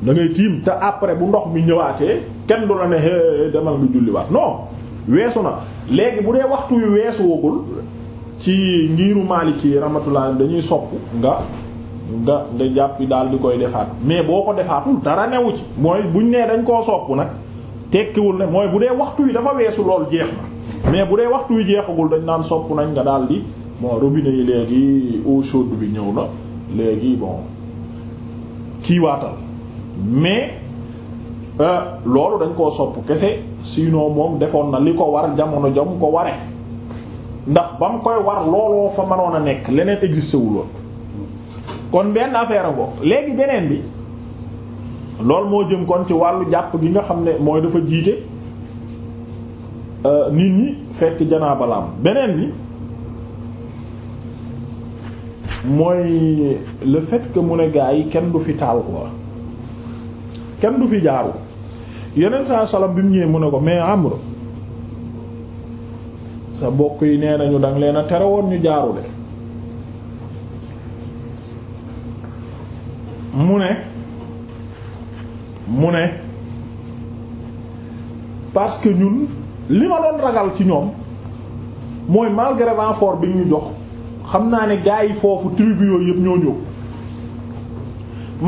da ngay tiim te après bu ndox mi ñëwaatee kenn du la ne hé demal nga julliwaat non weesu na léegi bu dee waxtu wi weesu wogul ci ngiiru Maliki rahmatullah dañuy sopp nga nga nga jàpp daal di koy defaat mais boo ko defaatul dara newu ci mooy buñ nee dañ koo sopp nag tekkiwul ne mooy bu dee waxtu wi dafa weesu lool jeex na mais bu dee waxtu wi jeexagul dañ naan sopp nañ nga daal di bon robinet yi léegi eau chaude bi ñëw na léegi bon kiiwaatal mais euh, loolu dañ koo sopp kese sinon moom defoon na li ko war jamono jam ko ware ndax ba mu koy war looloo fa mënoon a nekk leneen existé kon benn affaire ngo léegi beneen bi loolu moo jëm kon ci wàllu jàpp gi nga xam ne mooy dafa jiite euh, nit ñi fekk janaaba la beneen bi mooy le fait mu ne gaa yi kenn du fi taal quoi kenn du fi jaaru yeneen saa salaam bi mu ñëwee mu ne ko mais Amr sa mbokk yi nee nañu danga leen a tere woon ñu jaaru mu ne mu ne parce que ñun li ma doon ragal ci ñoom mooy malgré renfort bi ñu jox xam naa ne gaa yi foofu tribu yooyu yëpp ñoo ñëw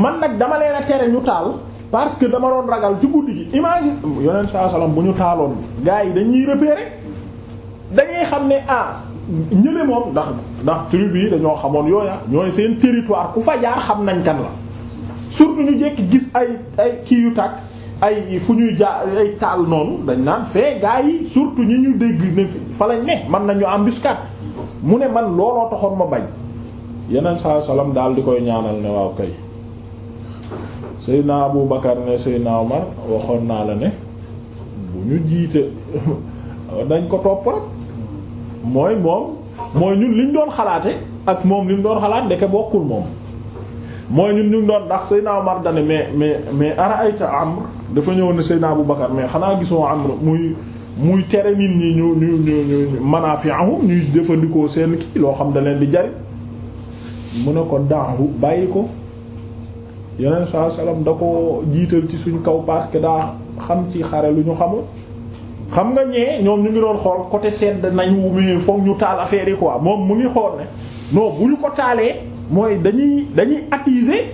man nag dama leen a tere ñu taal parce que dama doon ragal ci guddi gi imagine yonent saa salaam bu ñu taaloon gars yi dañuy repérer dañuy xam ne ah ñële moom ndax ndax tribu yi dañoo xamoon yooya ñooy seen territoire ku fa jaar xam nañ kan la surtout ñu jekki gis ay ay kii yu tàkk ay fu ñuy jaar ay taal noonu dañ naan fee gars yi surtout ñi ñu dégg ne fa lañ ne man nañu embuscade mu ne man looloo toxoon ma bañ yeneen saa salaam daal di koy ñaanal ne waaw kay Seydina bu Bakar ne Seydina Omar waxoon naa la ne bu ñu jiite dañ ko topp rek mooy moom mooy ñun liñ doon xalaate ak moom li mu doon xalaat ndeke bokkul moom mooy ñun ñu ngi doon ndax Seydina Omar dane mais mais mais ara ayta Amr dafa ñëw ne Seydina Abu Bakar mais xanaa gisoo am muy muy tere nit ñi ñu ñu ñu ñu manafi'ahum ñuy jëfandikoo seen kii loo xam da leen di jari mu ne ko daahu bàyyi ko yeneen saa salaam da ko jiital ci suñ kaw parce que daa xam ci xare lu ñu xamul xam nga ñee ñoom ñu ngi doon xool côté sedd nañu mais foog ñu taal affaire yi quoi moom mu ngi xool ne non bu ñu ko taalee mooy dañuy dañuy attiser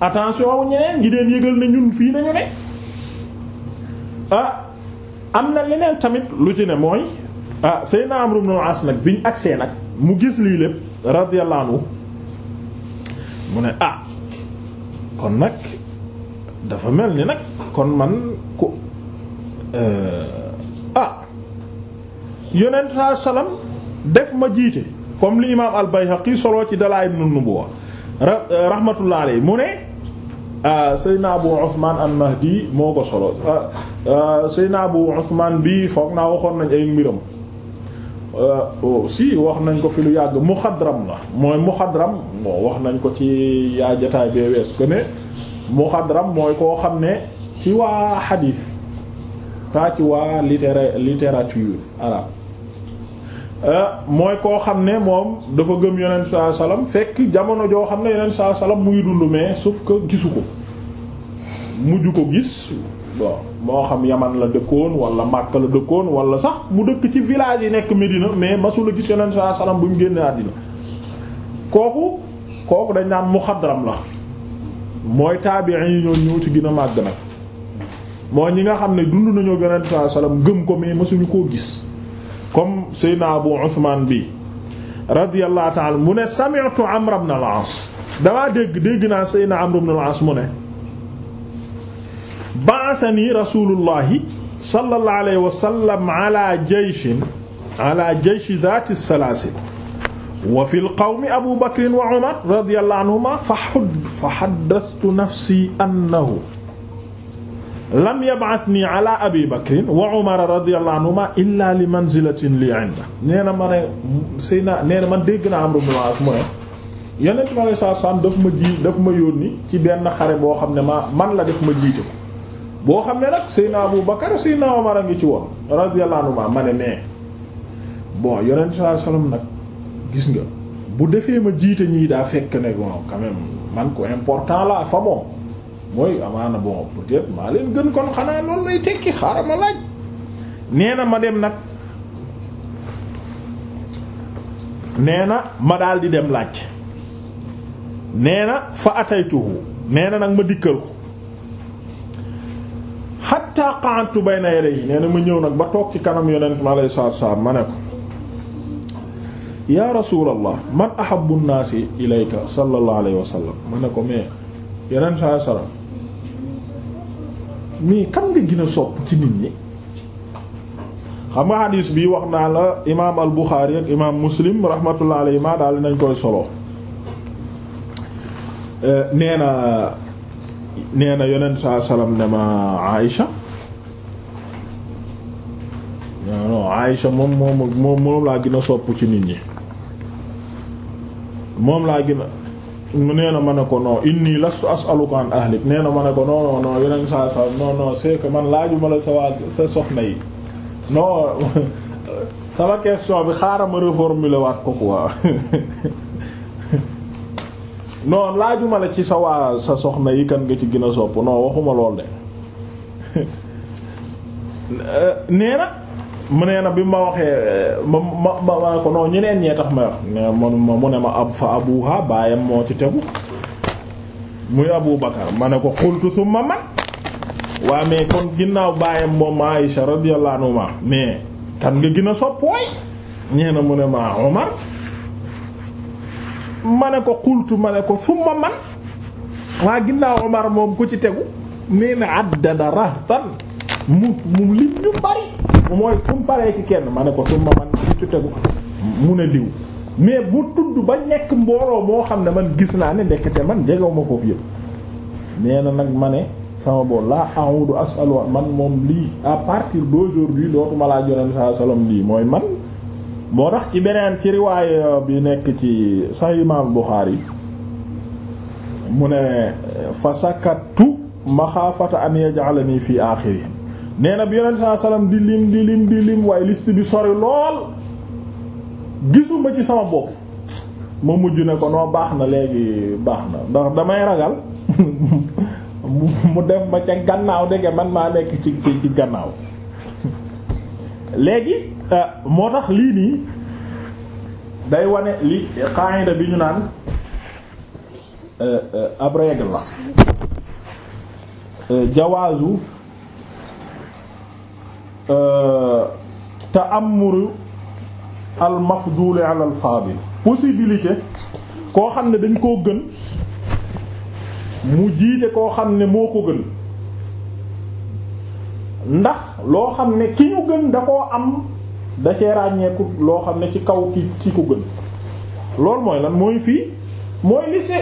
attention ñeneen ngi deen yëgal ne ñun fii nañu ne ah am na leneen tamit lu ci ne mooy ah Seydina Amru ibn al-As nag biñ agsee nag mu gis lii lépp radiyallahu anhu mu ne ah kon nag dafa mel ni nag kon man ku euh, ah yonent saa salaam def ma jiite comme li imaam al-Bayhaqi soloo ci Dalaa'il an-Nubuwwa euh, rahmatullah alayhi mu ne euh, Seydina Abu Usmaan al-Mahdi moo ko solo Seydina Abu Usmaan bi foog naa waxoon nañ ay mbiram Euh, oh, si wax nañ ko fi lu yàgg muxadram la mooy muxadram bon wax nañ ko ci yaa jataay bee wees ko ne muxadram mooy koo xam ne ci waa xadiis pas ci waa littéra littérature arabe euh, mooy koo xam ne moom dafa gëm yeneen saa salaam fekk jamono joo xam ne yeneen saa salaam muy dund mais sauf que gisu ko mujj ko gis bon moo xam yaman la dëkkoon wala Makka la dëkkoon wala sax mu dëkk ci village yi nekk Medina mais masula gis yonent sallallahu alayhi bu ñu génnee àddina kooku kooku dañ mu muxadram la mooy taabiin yi ñoo ñëw ci gën màgg nag mooy ñi nga xam ne dund nañoo yonent sallallahu alayhi wasallam gëm ko mais masuñu koo gis comme Seydina Abu Usman bi radiyallahu ta'ala mu ne sami'tu Amr ibn al-As damaa dégg dégg naa Seydina Amr ibn al mu ne ba'athani rasulullahi sallallahu alayhi wa sallam ala jayshin ala jayshi dhati salaasil wa fil qawmi abu bakr wa umar radiyallahu anhuma fa haddathtu nafsi annahu lam yab'athni ala abi bakr wa umar radiyallahu anhuma illa li manzilatin li 'inda nee na ma ne Seyna nee na man dégg naa Amru ibn al-As mu ne Yonent bi sallallahu alayhi wa sallam daf ma ji daf ma yónni ci benn xare boo xam ne ma man la def ma jiite ko boo xam ne nag Seydina Abu Bakar Seydina Omar a ngi ci woon radiyallahu anhu ma ne mais bon yonent sallallahu alayhi nag gis nga bu defee ma jiite ñii daa fekk ne bon quand man ko important la fa moom mooy amaana bon peut maa leen gën kon xanaa loolu lay tekki xaaral ma laaj nee na ma dem nag nee na ma daal di dem laaj nee na fa ataytuhu nee na nag ma dikkal ko hatta qa'adtu bayna yadayhi nee na ma ñëw nag ba toog ci kanam yonent salaam ma ne ko yaa rasulallah man ahabbu nnaasi ilayka sallallahu alayhi wa sallam ma ne ko mais yonent saa salaam mais kan nga gën sopp ci nit ñi xam nga hadis bi wax naa la imaam al Buxaari ak imaam Muslim rahmatullah alayhi ma daal nañ koy solo eh, nee na na yonent saa salaam ne ma Aïcha Aïcha moom moom moom moom laa gën sopp ci nit ñi moom laa gën a mu na ma ne ko non inni lastu as'aluka an ahlik nee na ma ne ko non non non yeneen saa sa waa soxna yi non sama question bi xaaral ma waat ko quoi non laajuma la ci sa waa sa soxna yi kan nga ci gën a sopp non waxuma lool de eh, nee mu nee na bi ma waxee ma ma ma ñee tax ma wax mais ne moo ci tegu muy ne ko xultu summa man waa mais kon ma Aïsha a sopp waay na mu ne ma ne ko xultu ma ko summa man waa ginnaaw Omar moom ku ci tegu nee addada rahtan mu mu lim ñu bari mooy fu mu paree ci kenn ma ne ko ma man ci tegu mu ne diw mais bu tudd ba nekk mbooloo moo xam ne man gis naa ne ndekete man jegew ma foofu yëpp nee na nag ma ne sama bool laa a'udu as'alu man moom lii à partir d'aujourd'hui dootuma laa joneen sa sallam lii mooy man moo tax ci beneen ci riwaay bi nekk ci Sahih Imam Bukhari mu ne fasakatu a an nii fi aaxiri nee na bi yonent saa salaam di lim di lim di lim waaye liste bi sori lool gisuma ci sama bopp ma mujj ne ko noo baax na léegi baax na ndax damay ragal mu def ma ca gannaaw dege man maa nekk ci ci gannaaw léegi euh, moo tax lii nii day wane li qaida bi ñu naan euh, euh, ab règle la jawaazu Euh, ta'ammuru al mafdul ala al fadil possibilité koo xam ne dañ koo gën mu jiite koo xam ne moo ko gën ndax loo xam ne ki ñu gën da koo am da cee ràññeeku loo xam ne ci kaw ki ki ko gën loolu mooy lan mooy fii mooy li se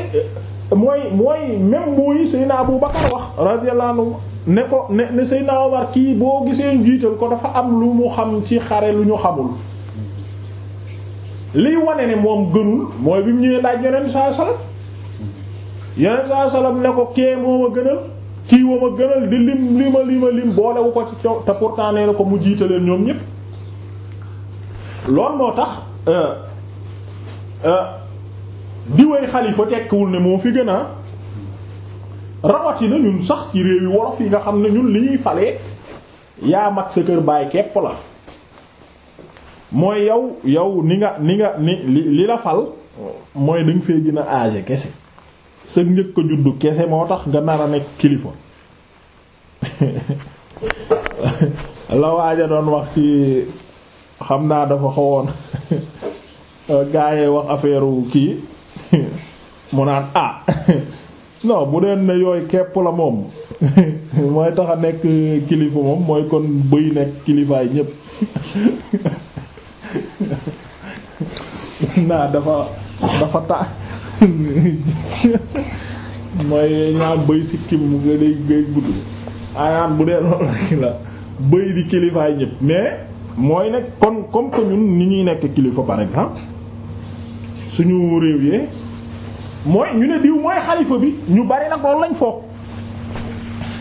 mooy mooy même mooy Seydina Abu Bakar wax radiyallahu anhu ne ko ne ne Seydina Omar kii boo gisee ñu jiital ko dafa am lu mu xam ci xare lu ñu xamul liy wane ne moom gënul mooy bi mu ñëwee laaj yonent saa salaam yonent saa salaam ne ko kee ma gënal kii woo ma gënal di lim lima lima lim boolewu ko ci taw te pourtant nee na ko mu jiitaleen ñoom ñépp loolu moo tax euh, euh, diway xalifa tekkiwul ne moo fi gën a rawatina ñun sax ci réew yi wolof yi nga xam ne ñun li ñuy falee yaa mag sa kër baay kepp la mooy yow yow ni nga ni nga ni li la fal mooy da nga fee gën a âgé kese sa njëkk juddu kese moo tax nga nar nekk kilifa la a doon wax ci xam naa dafa xawoon gaayee wax affaire kii mu naan ah non bu deen ne yooyu kepp la moom mooy tax a nekk kilifa moom mooy kon bëy nekk kilifaay ñépp naa dafa dafa ta mooy ñaa bëy sikkim nga day gudd ayaan bu dee loolu rek la bëy di kilifaay ñépp mais mooy nekk kon comme que ñun ni ñuy nekk kilifa par exemple suñu réew yee mooy ñu ne diw mooy xalifa bi ñu bari nag loolu lañ foog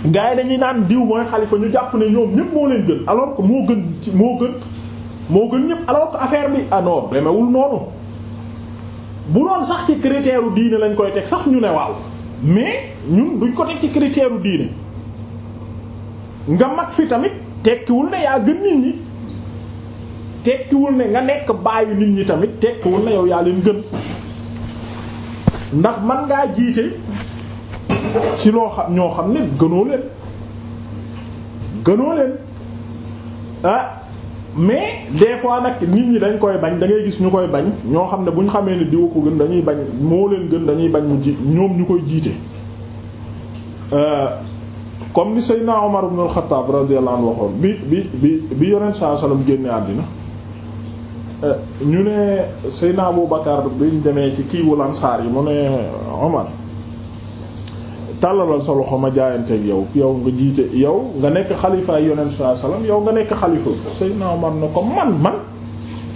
gars yi dañuy naan diw mooy xalifa ñu jàpp ne ñoom ñëpp moo leen gën alors que moo gën moo gën moo gën ñëpp alors affaire bi ah non demewul noonu bu doon sax ci critère u diine lañ koy teg sax ñu ne waaw mais ñun duñ ko teg ci critère u diine nga mag fi tamit tekkiwul ne yaa gën nit ñi tekkiwul ne nga nekk baayu nit ñi tamit tekkiwul ne yow yaa leen gën. ndax man ngaa jiite ci loo xam ñoo xam ne gënoo leen gënoo leen ah mais des fois nag nit ñi dañ koy bañ da ngay gis ñu koy bañ ñoo xam ne bu ñu xamee ne diwa ko gën dañuy bañ moo leen gën dañuy bañ mu ji ñoom ñu koy jiite euh, comme ni Seydina Omar ibn al-Khattab radiyallahu waxoon bi bi bi bi yonent sallallahu alayhi génne àddina Euh, ñu ne Seydina Abu Bakar biñ demee ci kiiwu lansaar yi mu ne Omar tàllalal sa loxo ma jaayanteeg yow yow nga jiite yow nga nekk xalifa yonent saa salaam yow nga nekk xalifa Seydina Omar na ko man man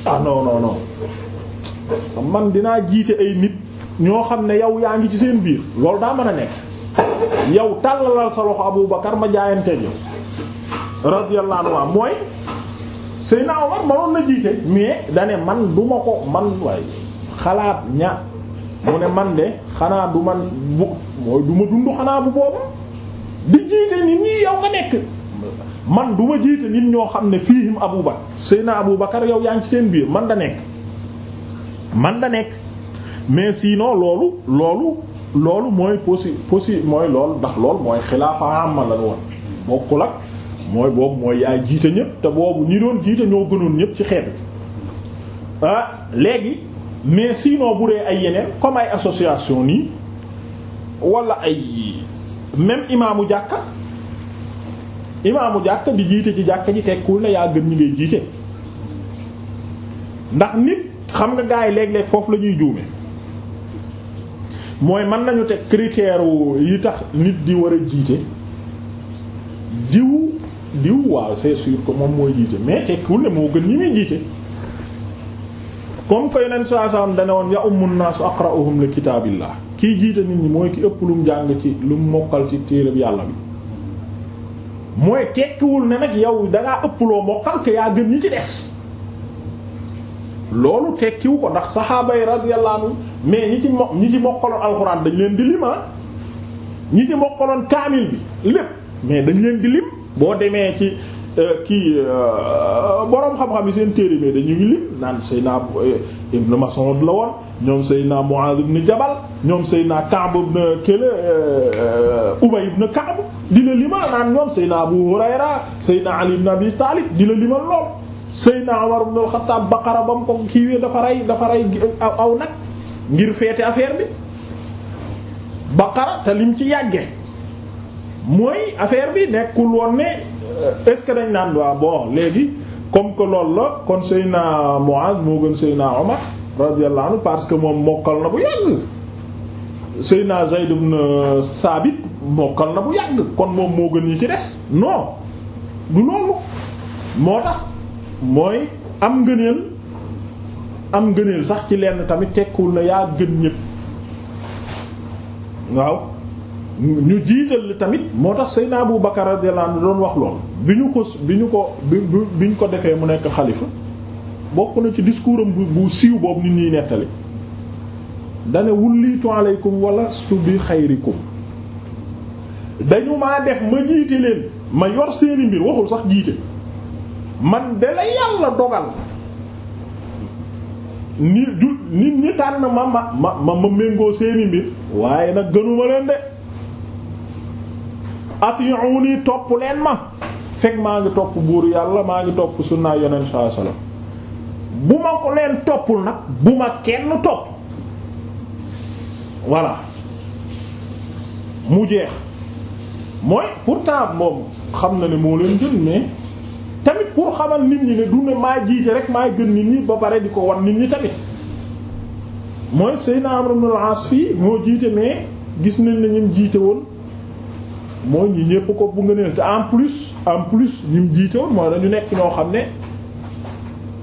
ah non non man dinaa jiite ay nit ñoo xam ne yow yaa ngi ci seen biir loolu daa mën a nekk yow tàllalal sa loxo Abu Bakar ma jaayanteeg yow radiyallahu mooy. Seydina Omar manoon na jiite mais dane man du ko man waay xalaat ña mu ne man de xanaa du bu mooy du ma dund xanaa bu boobu di jiite nit ñi yow nga nekk man du jiite nit ñoo xam ne fiihim Abu Bakar Seydina Abu Bakar yow yaa ngi ci seen biir man da nekk man da nekk mais sinon loolu loolu loolu mooy possi possi mooy lool ndax lool mooy xilaafa amma la woon bokkul ak mooy boobu mooy yaay jiite ñépp te boobu ñi doon jiite ñoo gënoon ñépp ci xeet ah léegi mais sinon bu dee ay yeneen comme ay association nii wala ay même imaamu jàkka imaamu jàkka bi jiite ci jàkka ji tekkul ne yaa gën ñu ngay jiite ndax nit xam nga gars yi léeg foofu la ñuy juume mooy mën nañu teg critère yi tax nit di war a jiite diw diw waaw c'est sûr que moom mooy jiite mais tekkiwul ne moo gën ñu muy jiite comme que yeneen saa saam dane woon ya ummun naasu aqra'uhum li kitaabillah kiy jiite nit ñi mooy ki ëpp lu mu jàng ci lu mu mokkal ci téereb yàlla bi mooy tekkiwul ne nag yow dangaa ëpp loo mokkal que yaa gën ñi ci des loolu tekkiwu ko ndax saxaaba yi radiyallahu mais ñi ci mo ñi ci mokkaloon alxuraan dañ leen di lima ah. ñi ci mokkaloon kaamil bi lépp mais dañ leen di lim boo demee ci euh, kii euh, boroom xam-xam yi seen téere mais dañu ngi lim naan Seydina euh, Ibn Mas'ud la woon ñoom Seydina Mu'adh ibn Jabal ñoom Seydina Ka'b ibn Kële Ubay ibn Ka'b di la limal naan ñoom Seydina Abu Hurayra Seydina Ali ibn Abi Talib di la limal lool Seydina Umar ibn al-Khattab ba mu ko kiiwee dafa rey dafa rey aw nag ngir feete affaire bi baqara te lim ci yàgge mooy affaire bi nekkul woon ne euh, est-ce que dañ naan waa bon léegi comme que loolu la kon Seyna Muaz moo gën Seyna Omar radiyallahu anhu parce que moom mokkal na bu yàgg Seyna bu yàgg kon moom moo gën ñi ci des non du loolu moo tax mooy am ngëneel am ngëneel sax ci lenn tamit tekkiwul na yaa gën ñépp waaw ñu jiital tamit moo tax Seydina Abu Bakar radiyallahu doon wax lool bi ñu ko bi ñu ko bi ko defee mu nekk xalifa bokk na ci discours am bu siiw boobu nit ñuy nettali dane wullitu aleykum walastu bi xayrikum dañu maa def ma jiite leen ma yor seeni mbir waxul sax jiite man de la yàlla dogal ni ju nit ñi tànn ma ma ma ma méngoo seeni mbir waaye nag gënuma leen de ati'uni topp leen ma fekk maa ngi topp buur yàlla maa ngi topp sunnaa yonent sallallahu alayhi bu ma ko leen toppul nag bu ma kenn topp voilà mu jeex mooy pourtant moom xam na ne moo leen gën mais tamit pour xamal nit ñi ne du ne maa jiite rek maa gën nit ñi ba pare di ko wan nit ñi tamit mooy Seydina Amr ibn al fii moo jiite mais gis nañ ne jiite woon mooy ñi ñépp ko bu ngëneel te en plus en plus ñi mu jiite woon mooy dañu nekk ñoo xam ne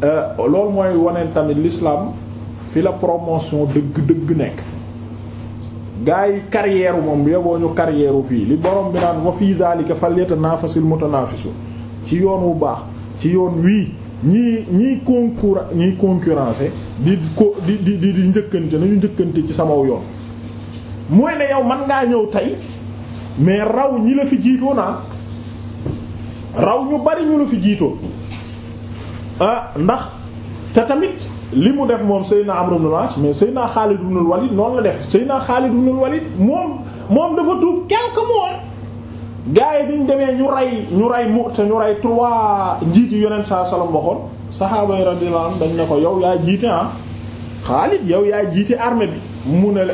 euh, loolu mooy waneen tamit l'islam fi la promotion dëgg-dëgg nekk gaa yi carrière moom yoboo ñu carrière fii li borom bi naan wa fii daalika falyatanafasil mutanafisu ci yoon wu baax ci yoon wii ñii ñii concours ñiy di ko di di di njëkkante nañu njëkkante ci samaw yoon mooy ne yow mën ngaa ñëw tey mais raw ñi la fi jiitoo naa raw ñu bari ñu la fi jiitoo ah ndax te tamit li mu def moom Seydina Amr ibn al mais Seydina Khalid ibn al-Walid noonu la def Seydina Khalid ibn al-Walid moom moom dafa tuub quelques mois gars yi biñ demee ñu rey ñu rey mu te ñu rey trois njiit yu Yonent saa salaam waxoon saxaaba yi radiyallahu anhum dañ ne ko yow yaa jiite ah Khalid yow yaa jiite armée bi mu ne la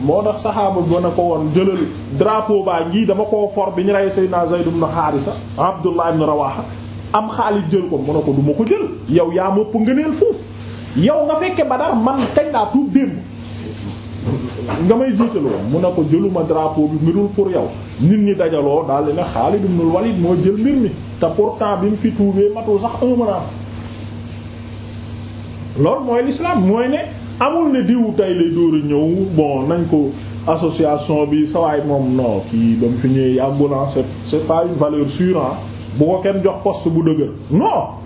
moo tax saxaaba ba ne ko woon jëlal drapeau baa ngi dama koo for bi ñu rey Seydina Zayd ibn Haarisa Abdullah ibn Rawaha am Xaalid jël ko mu ne ko du ma ko jël yow yaa mopp ngëneel foofu yow nga fekke Badar man kañ laa tuub démb nga may jiitaloo mu ne ko jëluma drapeau bi mbirul pour yow nit ñi dajaloo daal di ne Xaalid ibn Walid moo jël mbir mi te pourtant bi mu fi tuubee matul sax un an loolu mooy l'islam mooy ne amul ne diw tay lay dóor a ñëw bon nañ ko association bi sawaay moom noo kii ba mu fi ñëwee ambulance c'est pas une valeur sûre bu ko kenn jox poste bu dëgër non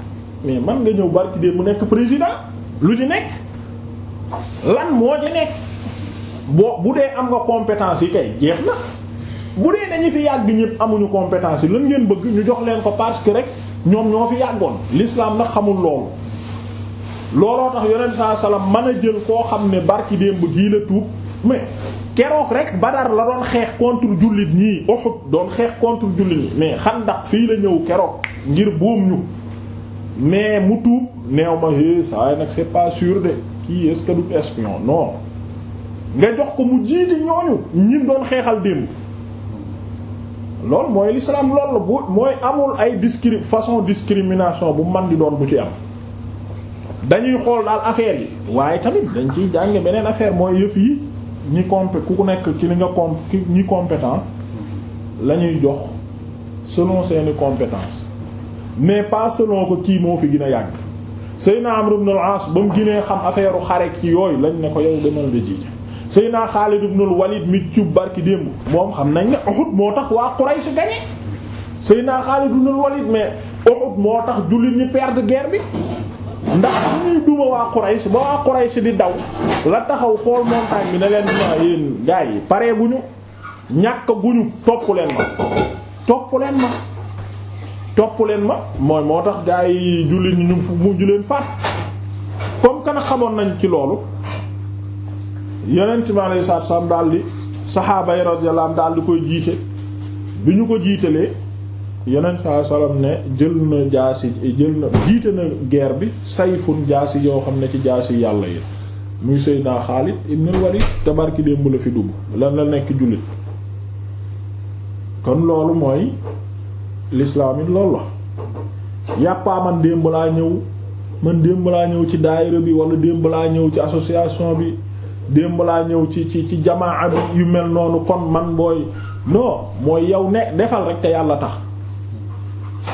mais man nga ñëw barki dee mu nekk président lu ci nekk lan moo ci nekk boo bu dee am nga compétence yi kay jeex na bu dee dañu fi yàgg ñëpp amuñu compétence yi lan ngeen bëgg ñu jox leen ko parce que rek ñoom ñoo fi yàggoon lislaam nag xamul loolu looloo tax yonent saa salaam mën a jël koo xam ne barki démb gii la tuub mais keroog rek Badar la doon xeex contre jullit ñi Uhud doon xeex contre jullit ñi mais Xandaq fii la ñëw keroog ngir buum ñu mais mu tuub neew ma sa saa nag c'est pas sûr de kii est-ce que du espion non nga jox ko mu jiite ñooñu ñin doon xeexal démb loolu mooy l'islam loolu la bu mooy amul ay discri façon discrimination bu man di doon bu ci am dañuy xool daal affaire yi waaye tamit dañ ciy jànge beneen affaire mooy yëf yi ñi compé ku nekk ci li nga comp ñi compétent la ñuy jox selon seeni compétence mais pas selon ko kii moo fi gën a yàgg naa Amr ibn al-As ba mu ginee xam affaire u xare ki yooyu lañ ne ko yow demal de jiite naa Xaalid ibn al-Walid mi cub barki démb moom xam nañ ne Uhud moo tax waa Quraysh gagné Seydina Xaalid ibn al-Walid mais Uhud moo tax jullit ñi perdre guerre bi ndax ñuy duma waa Quraysh ba waa Quraysh di daw la taxaw xool montagne bi ne leen ma yi paree guñu ñàkk guñu topp leen ma topp leen ma topp leen ma mooy moo tax gars yi julli ñu ju leen faat comme que nag xamoon nañ ci loolu yeneen mi aleyi saatu salaam daal di sahaaba yi radiyallahu daal di koy jiite bi ñu ko jiitalee yeneen saa salaam ne jël na jaasi jël na jiite na guerre bi sayfun jaasi yoo xam ne ci jaasi yàlla yi muy Seydina Xaalid ibnul Walid te barki démb la fi dugg lan la nekk jullit kon loolu mooy lislaam it loolu la yàppaa man démb laa ñëw man démb laa ñëw ci daayira bi wala démb laa ñëw ci association bi démb laa ñëw ci ci ci jamaa bi yu mel noonu kon man booy non mooy yow ne defal rek te yàlla tax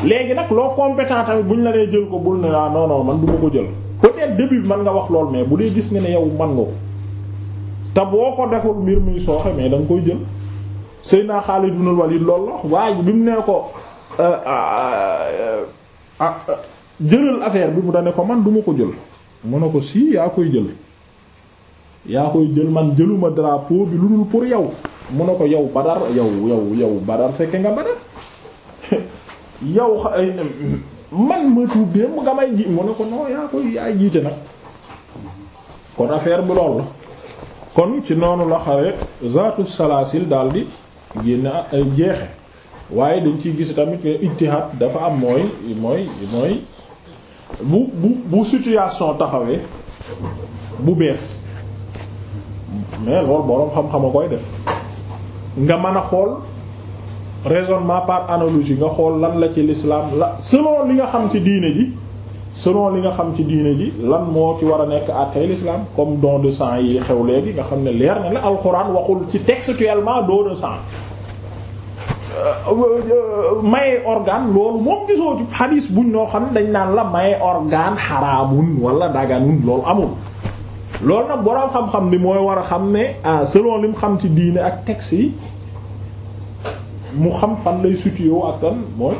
léegi nag loo compétent tamit bu ñu la nee jël ko bul ne ah non man du ko jël peut-être man bi nga wax lool mais bu dee gis nga ne yow man nga ko te boo ko deful mbir muy sooxe mais da nga koy jël Seydina Xaalid ibn Walid lool la waaye bi mu nee ko euh, euh, euh, ah, jëlal affaire bi mu da ko man duma ko jël mu ne ko si yaa koy jël yaa koy jël man jëluma drapeau bi lu dul pour yow mu ne ko yow Badar yow yow yow Badar fekke nga Badar yow man ma tuub démb nga may ko non yaa koy yaa jiite nag kon affaire bi lool la kon ci noonu la xare zaatu salaasil daal di génne ay jeexe waaye dañ ci gis tamit ittihaad dafa am mooy mooy mooy bu bu bu situation taxawee bu bees mais loolu boroom xam-xam a koy def nga mën a xool. raisonnement par analogie nga xool lan la ci l'islam la selon li nga xam ci diine ji selon li nga xam ci diine ji lan moo ci war a nekk àttey lislaam comme don de sang yi xew léegi nga xam ne leer na la alxuraan waxul ci textuellement don de sang euh, maye organe loolu moom gisoo ci xadiis buñ noo xam dañ naan la maye organe xaraamun wala daganun loolu amul loolu nag boroom xam-xam bi mooy war a xam ne ah selon lim xam ci diine ak texte yi mu xam fan lay situé wu ak lan mooy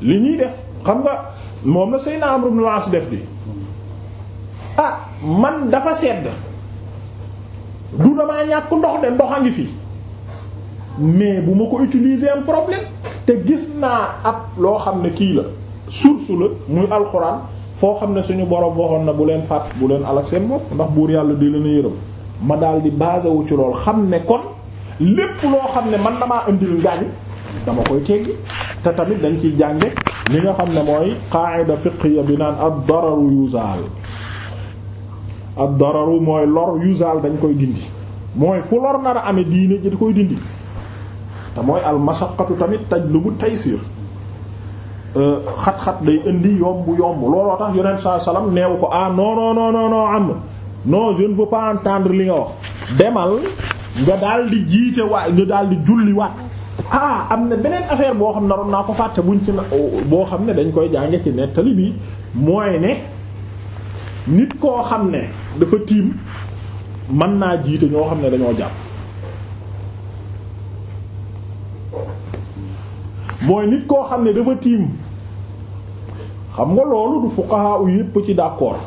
li ñuy def xam nga moom la naa Amr ibn al-As def di ah man dafa sedd du damaa ñàkk ndox de ndox a ngi fi mais bu ma ko utiliser am problème te gis naa ab loo xam ne kii la source la muy alxuraan foo xam ne suñu borom waxoon na bu leen fàtt bu leen alak seen bopp ndax buur yàlla di leen yërëm ma daal di basé wu ci lool xam ne kon lépp loo xam ne man maa indil ngaañ dama koy teggi te tamit dañ ciy jànge li nga xam ne mooy qaa'ida fiqhiyya bi naan ad-dararu yuzaal ad-dararu mooy lor yuzaal dañ koy dindi mooy fu lor nar a amee diine ji da koy dindi te mooy al-mashaqqatu tamit tajlubu taysir euh, xat-xat day indi yomb yomb looloo tax yonent saa salaam neew ko ah non non non non am non je ne veux li nga wax demal nga daal di jiite waay nga daal di julli waat ah am na beneen affaire boo xam naroon naa ko fàtte buñ ci boo xam ne dañ koy jànge ci ne tali bi mooy ne nit koo xam ne dafa tiim mën naa jiite ñoo xam ne dañoo jàpp mooy nit koo xam ne dafa tiim xam nga loolu du fuqaha u yépp ci d'accord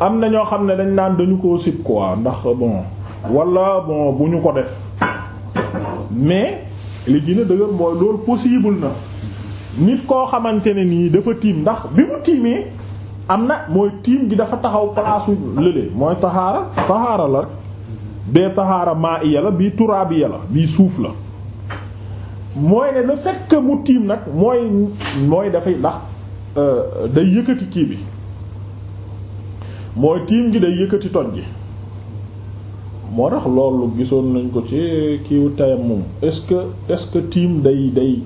am na ñoo xam ne dañ naan dañu ko sib quoi ndax bon wala bon bu ñu ko def mais li gën a dëgër mooy loolu possible na nit koo xamante ne nii dafa tiim ndax bi mu tiimee am na mooy tiim gi dafa taxaw place lële mooy taxaara taxaara la rek bee taxaara maa iya la bii turaabiya la bii suuf la mooy ne le fait mu tiim nag mooy mooy dafay ndax euh, day yëkkati kii bi mooy tiim gi day yëkkati toj gi moo tax loolu gisoon nañ ko ci kiiwu tayammum est-ce que est-ce que tiim day day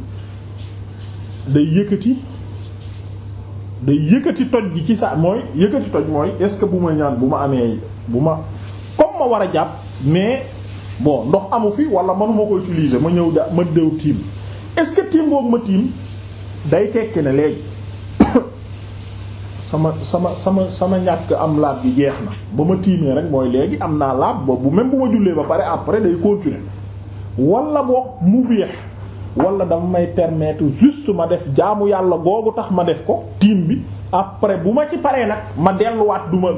day yëkkati day yëkkati toj gi ci sax mooy yëkkati toj mooy est-ce que bu ma ñaan bu ma amee bu ma comme ma war a jàpp mais boo ndox amu fi wala manuma ko utiliser ma ñëw da ma déw tiim est-ce que tiim boobu ma tiim day tekki ne léegi sama sama sama sama ñàkk am laab bi jeex na ba ma tiimee rek mooy léegi am naa laab boobu même bu ma jullee ba pare après day continuer wala boo mu beex wala dama may permettre juste ma def jaamu yàlla googu tax ma def ko tiim bi après bu ma ci paree nag ma delluwaat du ma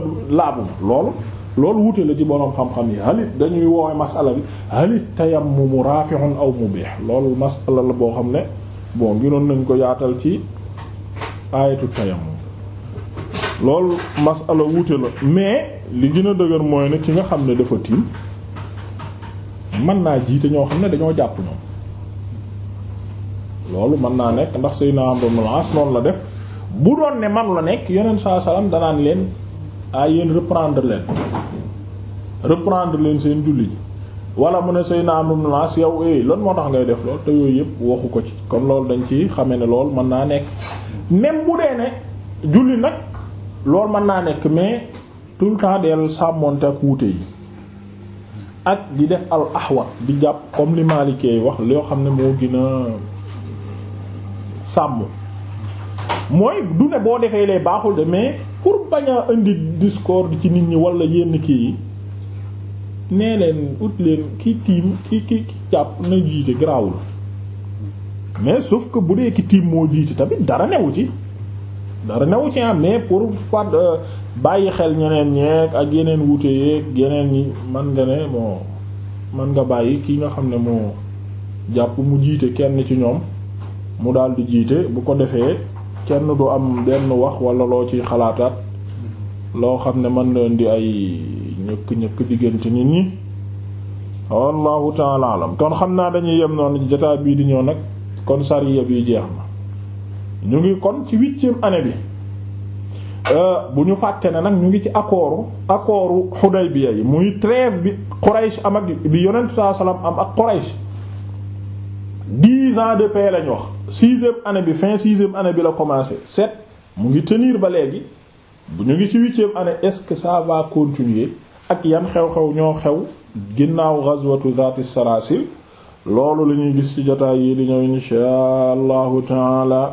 laabu ma loolu loolu wute la ci boroom xam-xam yi halit dañuy woowe masala bi halit tayammumu rafi'un aw mubih loolu masala la boo xam ne bon ginoon nañ ko yaatal ci ayatu tayammum loolu masala wuute la mais li gën a dëgër mooy ne ki nga xam ne dafa tiim mën naa jiite ñoo xam ne dañoo jàpp ñoom loolu mën naa nekk ndax Seydina naa ibn al noonu la def bu doon ne man la nekk yeneen saa salaam danaan leen a ah, yéen reprendre leen reprendre leen seen julli ji wala ma ne Seydina naa ibn al yow eh lan moo tax ngay def lool te yooyu yëpp waxu ko ci kon loolu dañ ci xame ne loolu mën naa nekk même bu dee ne julli nag loolu mën naa nekk mais tout le temps del sàmmonte ak wuute ak di def al ahwat di jàpp comme li maalikee wax loo xam ne moo gën a sàmm mooy du ne boo defee lay baaxul de mais pour bañ a indi discorde ci nit ñi wala yenn kii yi nee leen ut leen ki tiim ki ki ki jàpp na jiite garaawul mais sauf ko bu dee ki tiim moo jiite tamit dara newu ci dara newu ci am ah, pour fat euh, bàyyi xel ñeneen ñeeg ak yeneen wuute yeeg yeneen ñi man nga ne bon man nga bàyyi kii nga xam ne moo jàpp mu jiite kenn ci ñoom mu daldi jiite bu ko defee kenn du am benn wax wala loo ci xalaataat loo xam ne mën na di ay ñëkk-ñëkk diggante nit ñi wallahu taala alam kon xam naa dañuy yem noonu jotaay bii di ñëw nag kon sariya yi jeex na ñu ngi kon ci huitième année bi euh, bu ñu fàtte ne nag ñu ngi ci accordu accordu Hudaybiya yi muy trêve bi Quraysh am ak bi yonent saa salaam am ak Quraysh dix ans de paix lañ wax sixième année bi fin sixième année bi la commencé sept mu ngi tenir ba léegi bu ñu ngi ci huitième année est-ce que ça va continuer ak yan xew-xew ñoo xew ginnaaw ghazwatu zaati salaasil loolu la ñuy gis ci jotaay yi di ñëw insha allahu taala